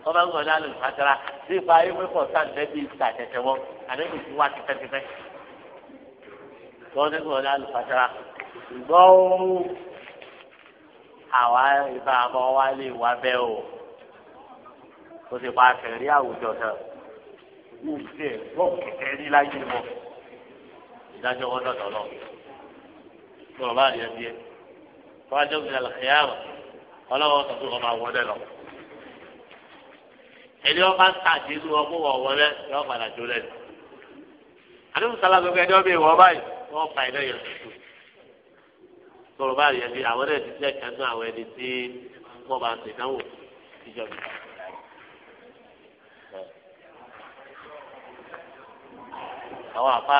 wọ́n bá sọ̀rọ̀ ní àlùlù fatara sí ipa ayéwé pọ̀ sáà nẹ́bí ìta tẹ̀tẹ̀ wọ́n àdéhùn ti wá tipẹ́tipẹ́. wọ́n ní sọ̀rọ̀ ní àlùlù àwa ìfẹ́ àmọ́ wa lè wá bẹ́ẹ̀ o kò sì pa àfẹ̀rí àwùjọ náà wọ́n kẹ̀kẹ́ rí láyé wọn ìdájọ́ wọn dọ̀dọ̀ náà tí ọba àdìyẹ bí ẹ fọwájọ gbìyànjú àlàkìyàmù ọlọ́wọ́ sọ fún ọba wọlé lọ. ẹni ọba káàdì inú ọmú wọ wọlé yọ padà jó lẹ́nu. àdéhùn sálá gbogbo ẹni ọba ìwọ báyìí wọ́n pa iná yẹn tutù. tí ọba àdìyẹ bí àwọn ẹni tí ẹ̀kẹ́ nú àwọn ẹni tí wọ́n bá ń ṣèdánwò ìjọba. àwọn àfa.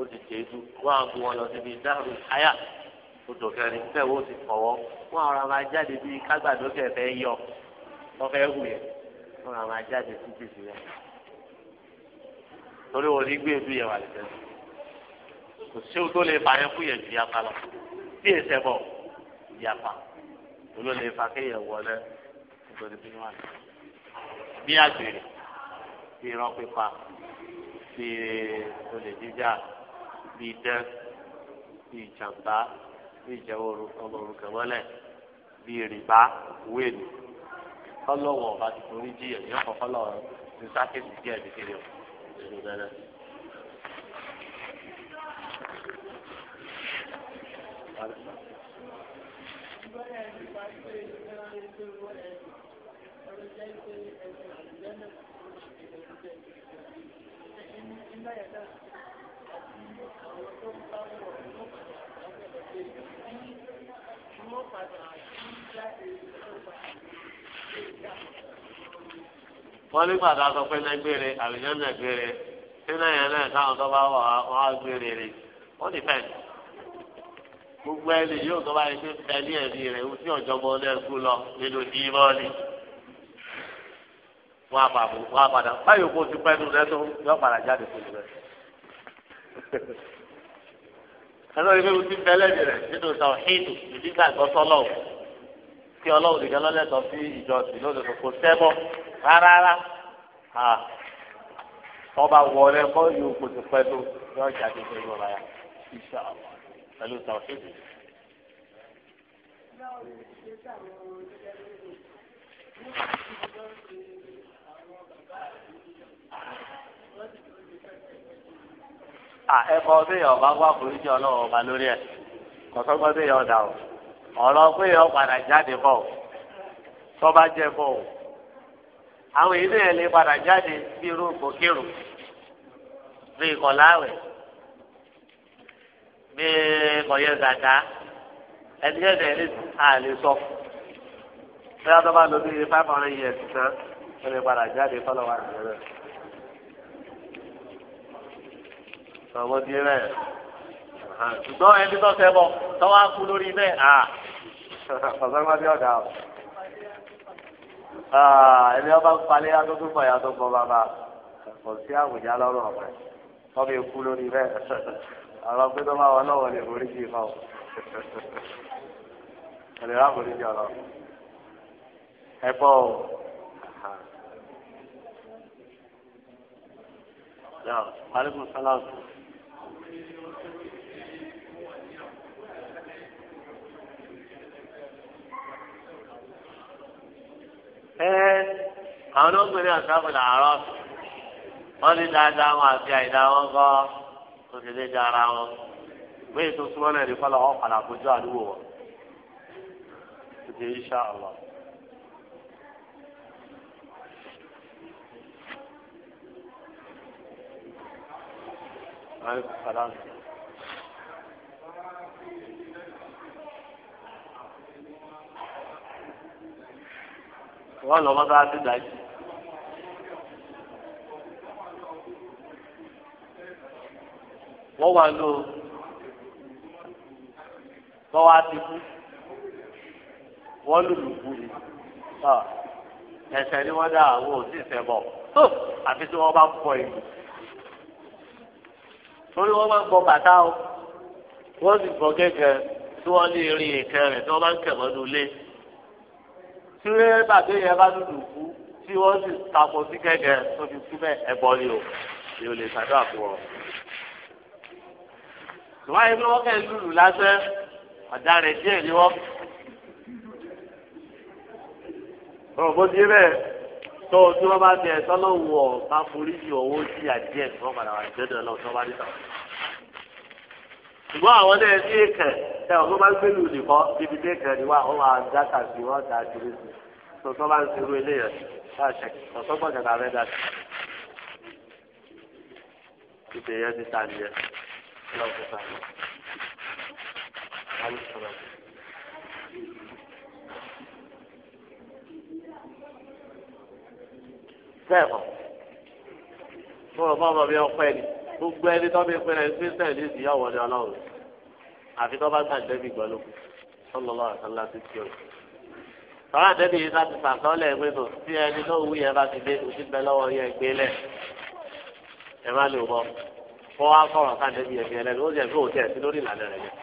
ó ti tẹ̀sù wọ́n á bu wọn lọ síbi dáhùn àyà odò kẹrin bẹ́ẹ̀ wọ́n ti fọwọ́ wọ́n ara máa jáde bíi kágbàdo kẹfẹ́ yọ wọ́n fẹ́ hù yẹn wọ́n ara máa jáde títí sí torí wọn ní gbé ebi yẹn wà lẹ́sẹ̀ kò sí o tó lè fa yẹn fún ju yapa lọ bí èsẹ̀ bọ̀ yapa olú lè fa kéèyàn wọlé nítorí bí wọn bí àgbèrè bí irọ́ bí olè jíjà bíi dẹ́ bíi jàǹbá bíi ìjẹ́wọ́ ọmọ òrukàn mọ́lẹ̀ bíi rìbá wéèlì kọ́lọ́wọ̀ ọba ti torí jí ẹ̀yìn ọkọ̀ kọ́lọ́wọ̀ ní sákèjì díẹ̀ ní kiri o nínú dáná. Thank wọ́n ní gbàdá sọ pé nẹ́gbére àbíyàn nẹ́gbére tí náà yẹn náà táwọn tó bá wà wọ́n á gbére rè ó ní fẹ́ẹ̀. gbogbo ẹni yóò tó bá yẹ pé ẹni ẹ̀rí rẹ̀ ó sì ọ̀jọ̀gbọ́n ọlẹ́kùn lọ nínú ìmọ̀ọ́lì. wọ́n á pàbò wọ́n á padà báyìí kó o ti pẹ́ nù lẹ́tọ́ yọ padà jáde fún ìgbẹ́ ẹ̀rọ ìwé wo ti bẹ́lẹ̀ dì rẹ̀ nínú sàwọ́hídù ìdí ìgbàgbọ́sọ́ lọ́wọ́ kí ọlọ́run nìkan lọ́lẹ́sọ sí ìjọsìn lódodo kò sẹ́bọ̀ rárá ọba wọlé kọ́ yóò kò ti pẹ́ tó yọ jáde pẹ̀lú ọ̀la yá iṣẹ́ àwọn pẹ̀lú sàwọ́hídù. Thank you. ẹ̀kọ́ bẹ́ẹ̀ ọba wà foríjì ọlọ́run ọba lórí ẹ̀ kọ́sọ́gbọ́n bẹ́ẹ̀ ọ̀dà o ọ̀rọ̀ bẹ́ẹ̀ ọ̀padà jáde bọ̀ tọ́ba jẹ bọ̀ o àwọn èyí bẹ́ẹ̀ lè padà jáde bí irú kòkèrò bí ìkọ̀láwẹ̀ bí kọ̀yẹ́ zàdá ẹni ẹ̀dẹ̀ ẹni àlè sọ bí wọ́n tó bá lò five hundred years tán ó padà jáde fọlọ́wọ́ àti ẹ̀rọ. sọ̀bọ̀ di rẹ̀ ṣùgbọ́n ẹni tó fẹ́ bọ̀ tọ́wọ́ á kú lórí bẹ́ẹ̀ à ọ̀sánwádìí ọ̀dà o ẹni ọba ń palẹ́ adógún pọ̀ ya tó bọ́ bàbá kò sí àwùjá lọ́rùn ọ̀pẹ tọ́bi kú lórí bẹ́ẹ̀ ọ̀rọ̀ pé tó bá wà náà wọlé oríṣi ìfọ̀ ọ̀lẹ́ wà oríṣi ọ̀rọ̀ ẹ bọ́ o. Yeah, alaikum salam. àwọn olóògbèrè ọ̀sáfù làárọ̀ wọ́n ní dáadáa wọn àti àìdá wọn kọ́ òṣèlè jẹ ara wọn wíyí tó súnmọ́ náà ní kọ́lọ́ àdúgbò wọn. iṣẹ́ wọ́n lọ mọ́tò àti dájú. wọ́n wá lò ó wọ́n wá ti kú wọ́n lùlù kú ni ẹ̀sẹ̀ ni wọ́n dá àwọn òsì ìfẹ́ àfi tí wọ́n bá pọ̀ ìlú torí wọ́n máa ń bọ bàtà o wọ́n sì bọ kẹ̀kẹ́ tí wọ́n lè rí ìkẹ́ rẹ̀ tí wọ́n máa ń kẹ̀ mọ́nú ilé tí rẹ́bà tó yẹ bá dùdù kú tí wọ́n sì takò sí kẹ̀kẹ́ tó fi kú bẹ́ẹ̀ ẹ̀bọ ni o ni o lè ṣàdúrà fún ọ. ìwáyé bí wọ́n kẹ́ lùlù lásán ọ̀daràn díẹ̀ ni wọ́n. ọ̀bọ̀n ti bẹ́ẹ̀ tó o tí wọ́n bá bẹ ẹ̀sọ́ lọ́wọ́ ọ̀bá foríjì owó sí àdíẹ̀ tí wọ́n padà wà jẹ́dọ̀ lọ tí wọ́n bá dé tàwọn. ṣùgbọ́n àwọn náà ní èkẹ́ ẹ ọ̀gbọ́n bá gbé lù nìkọ́ níbi tí èkẹ́ ni wà ó máa dá kàṣì wọ́n dá kiri sí tó tó bá ń serú eléyẹ̀ láṣẹ ọ̀sọ́gbọ̀n kẹta rẹ̀ dá sí. ìbéyẹ ti ta nìyẹn lọ́kùnrin. bẹ́ẹ̀ mọ̀ mo rò mọ́ ọmọ mi ọpẹ́ ni gbogbo ẹni tó bí pinnu ẹni tó ní ìyàwó ni ọlọ́run àfi tó bá gbà débi gbọ́ lóko sọlọ́lọ́ àtàlá ti kí o. sọ́ra débi yìí láti sàtọ́lẹ̀ pé tó tí ẹni tó wú yẹn bá ti dé ojú bẹ lọ́wọ́ yẹn gbé lẹ̀ ẹ má lè wọ́ fọ́ wá ká débi yẹn fi ẹlẹ́nu ó jẹ́ pé òun sí lórí ìlànà rẹ̀ yẹn.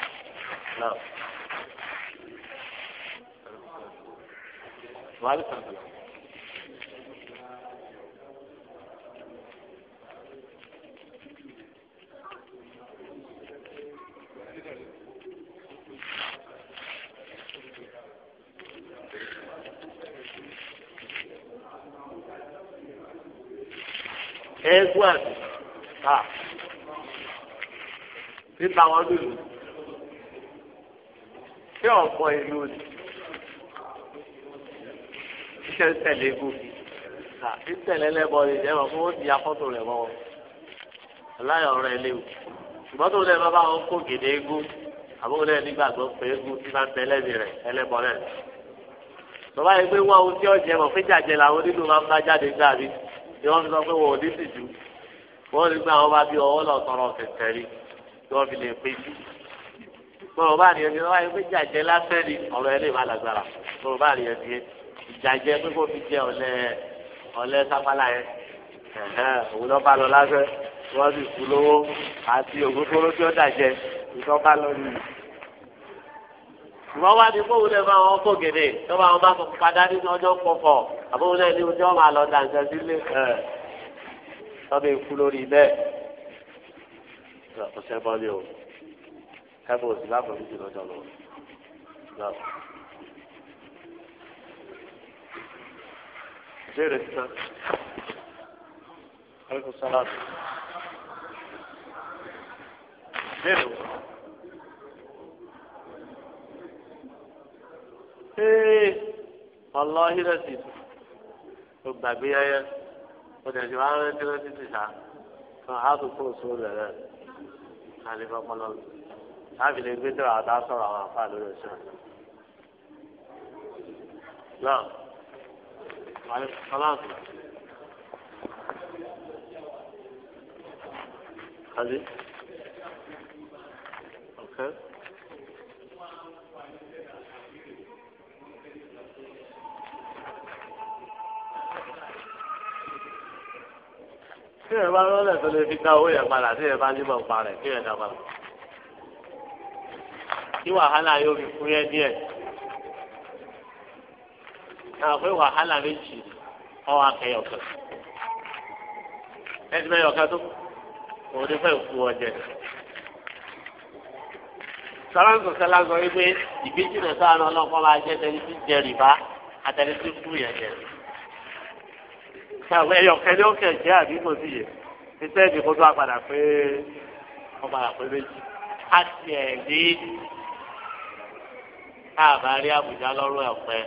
ẹ̀ẹ́gún àti ká títa wọn lùlù ṣé ọ̀pọ̀ ìlú iṣẹ́ ń tẹ̀lé egwu ká títẹ̀lé lẹ́bọ̀ ni ìjẹ́ wọn fún ó di afọ́tò rẹ̀ wọn aláyọ̀ ọ̀rọ̀ léwu ṣùgbọ́n tó lẹ́ bá wọn kó gèdè egwu àbúrò náà nígbàgbọ́ pé egwu tí máa ń tẹ lẹ́bi rẹ̀ ẹlẹ́bọ̀ náà bàbá yìí pé wọn ohun tí ọ̀jẹ̀ mọ̀ fíjà jẹ làwọn onílù máa ń bá jáde gbàbí ni wọ́n fi sọ pé wọ́n ò ní sì jù wọ́n rí pé àwọn bá bí ọwọ́ lọ tọrọ kẹ̀kẹ́ rí tí wọ́n fi lè péjú bọ́rọ̀ bá rí ẹni wáyé pé jàjẹ́ lásán ni ọ̀rọ̀ ẹ lè má lágbára bọ́rọ̀ bá rí ẹni jàjẹ́ pé kò fi jẹ ọ̀lẹ́ ọ̀lẹ́ sápálá yẹn òun lọ́ bá lọ lásán wọ́n sì kú lówó àti ògógóró tí ó dàjẹ́ ìtọ́ lọ nìyí ìwọ́n wá ní kóhùn náà máa wọ́n kó gèdè tó máa wọ́n bá kó padà nínú ọjọ́ pọ̀pọ̀ àbóhùn náà ní ojú ọmọ àlọ́ dàǹtẹ̀ sílé ẹ̀ tọ́bi ikú lórí bẹ́ẹ̀ ọ̀sẹ̀ bọ́lí o ẹ̀bùn òsì láàbọ̀ méjì lọ́jọ́ lọ. Ìbéèrè sísan. Àlékún sáláàbù. Ìbéèrè wò. ee ọlọ́hìn rẹ̀ sì tó gbàgbé yẹyẹ ó dẹ̀ ti máa ń rántí rántí ti sá kan á tó kó oṣù rẹ̀ rẹ̀ láti láti lè gbé tó àdá sọ̀rọ̀ àwọn àfa lórí oṣù rẹ̀. Okay. tí ẹ bá lọ́lẹ̀ tó lè fi dá owó yẹn padà tí ẹ bá nímọ̀ ń parẹ̀ kí ẹ dá kí wàhálà yóò fi fún yẹn díẹ̀. náà pé wàhálà méjì ọwọ́ akẹyọ̀kẹ́. ẹ ti bẹ́ẹ̀ yọ̀kẹ́ tó òun ní fẹ́ẹ́ kú ọjẹ́. sọ́láńsọ sọ́láńsọ wípé ìgbésí rẹ̀ sáà náà ọlọ́kọ́ máa jẹ́ tẹ́lifí jẹ rìbá àtẹ́lifí fún yẹn jẹ rìbá kẹ ẹyọ kẹlẹ ó kẹ àbí kò sí yẹ iṣẹ́ ìdí kó tó apàdà pé ọba àpò méjì á tiẹ̀ dé káàbá rí àbújá lọ́rùn ẹ̀pẹ́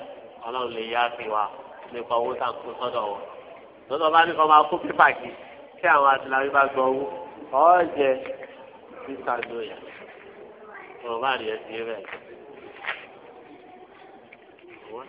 ọlọ́run lè yá sí wa nípa owó tá a kó sọ́dọ̀ wọn lọ́dọ̀ bá ní kọ́ máa kó pépà kí kí àwọn àtìláyé bá gbọ́ owó ọ̀ọ́jẹ títà lóyà ọ̀rọ̀ bá rí ẹ sí rẹ̀. What?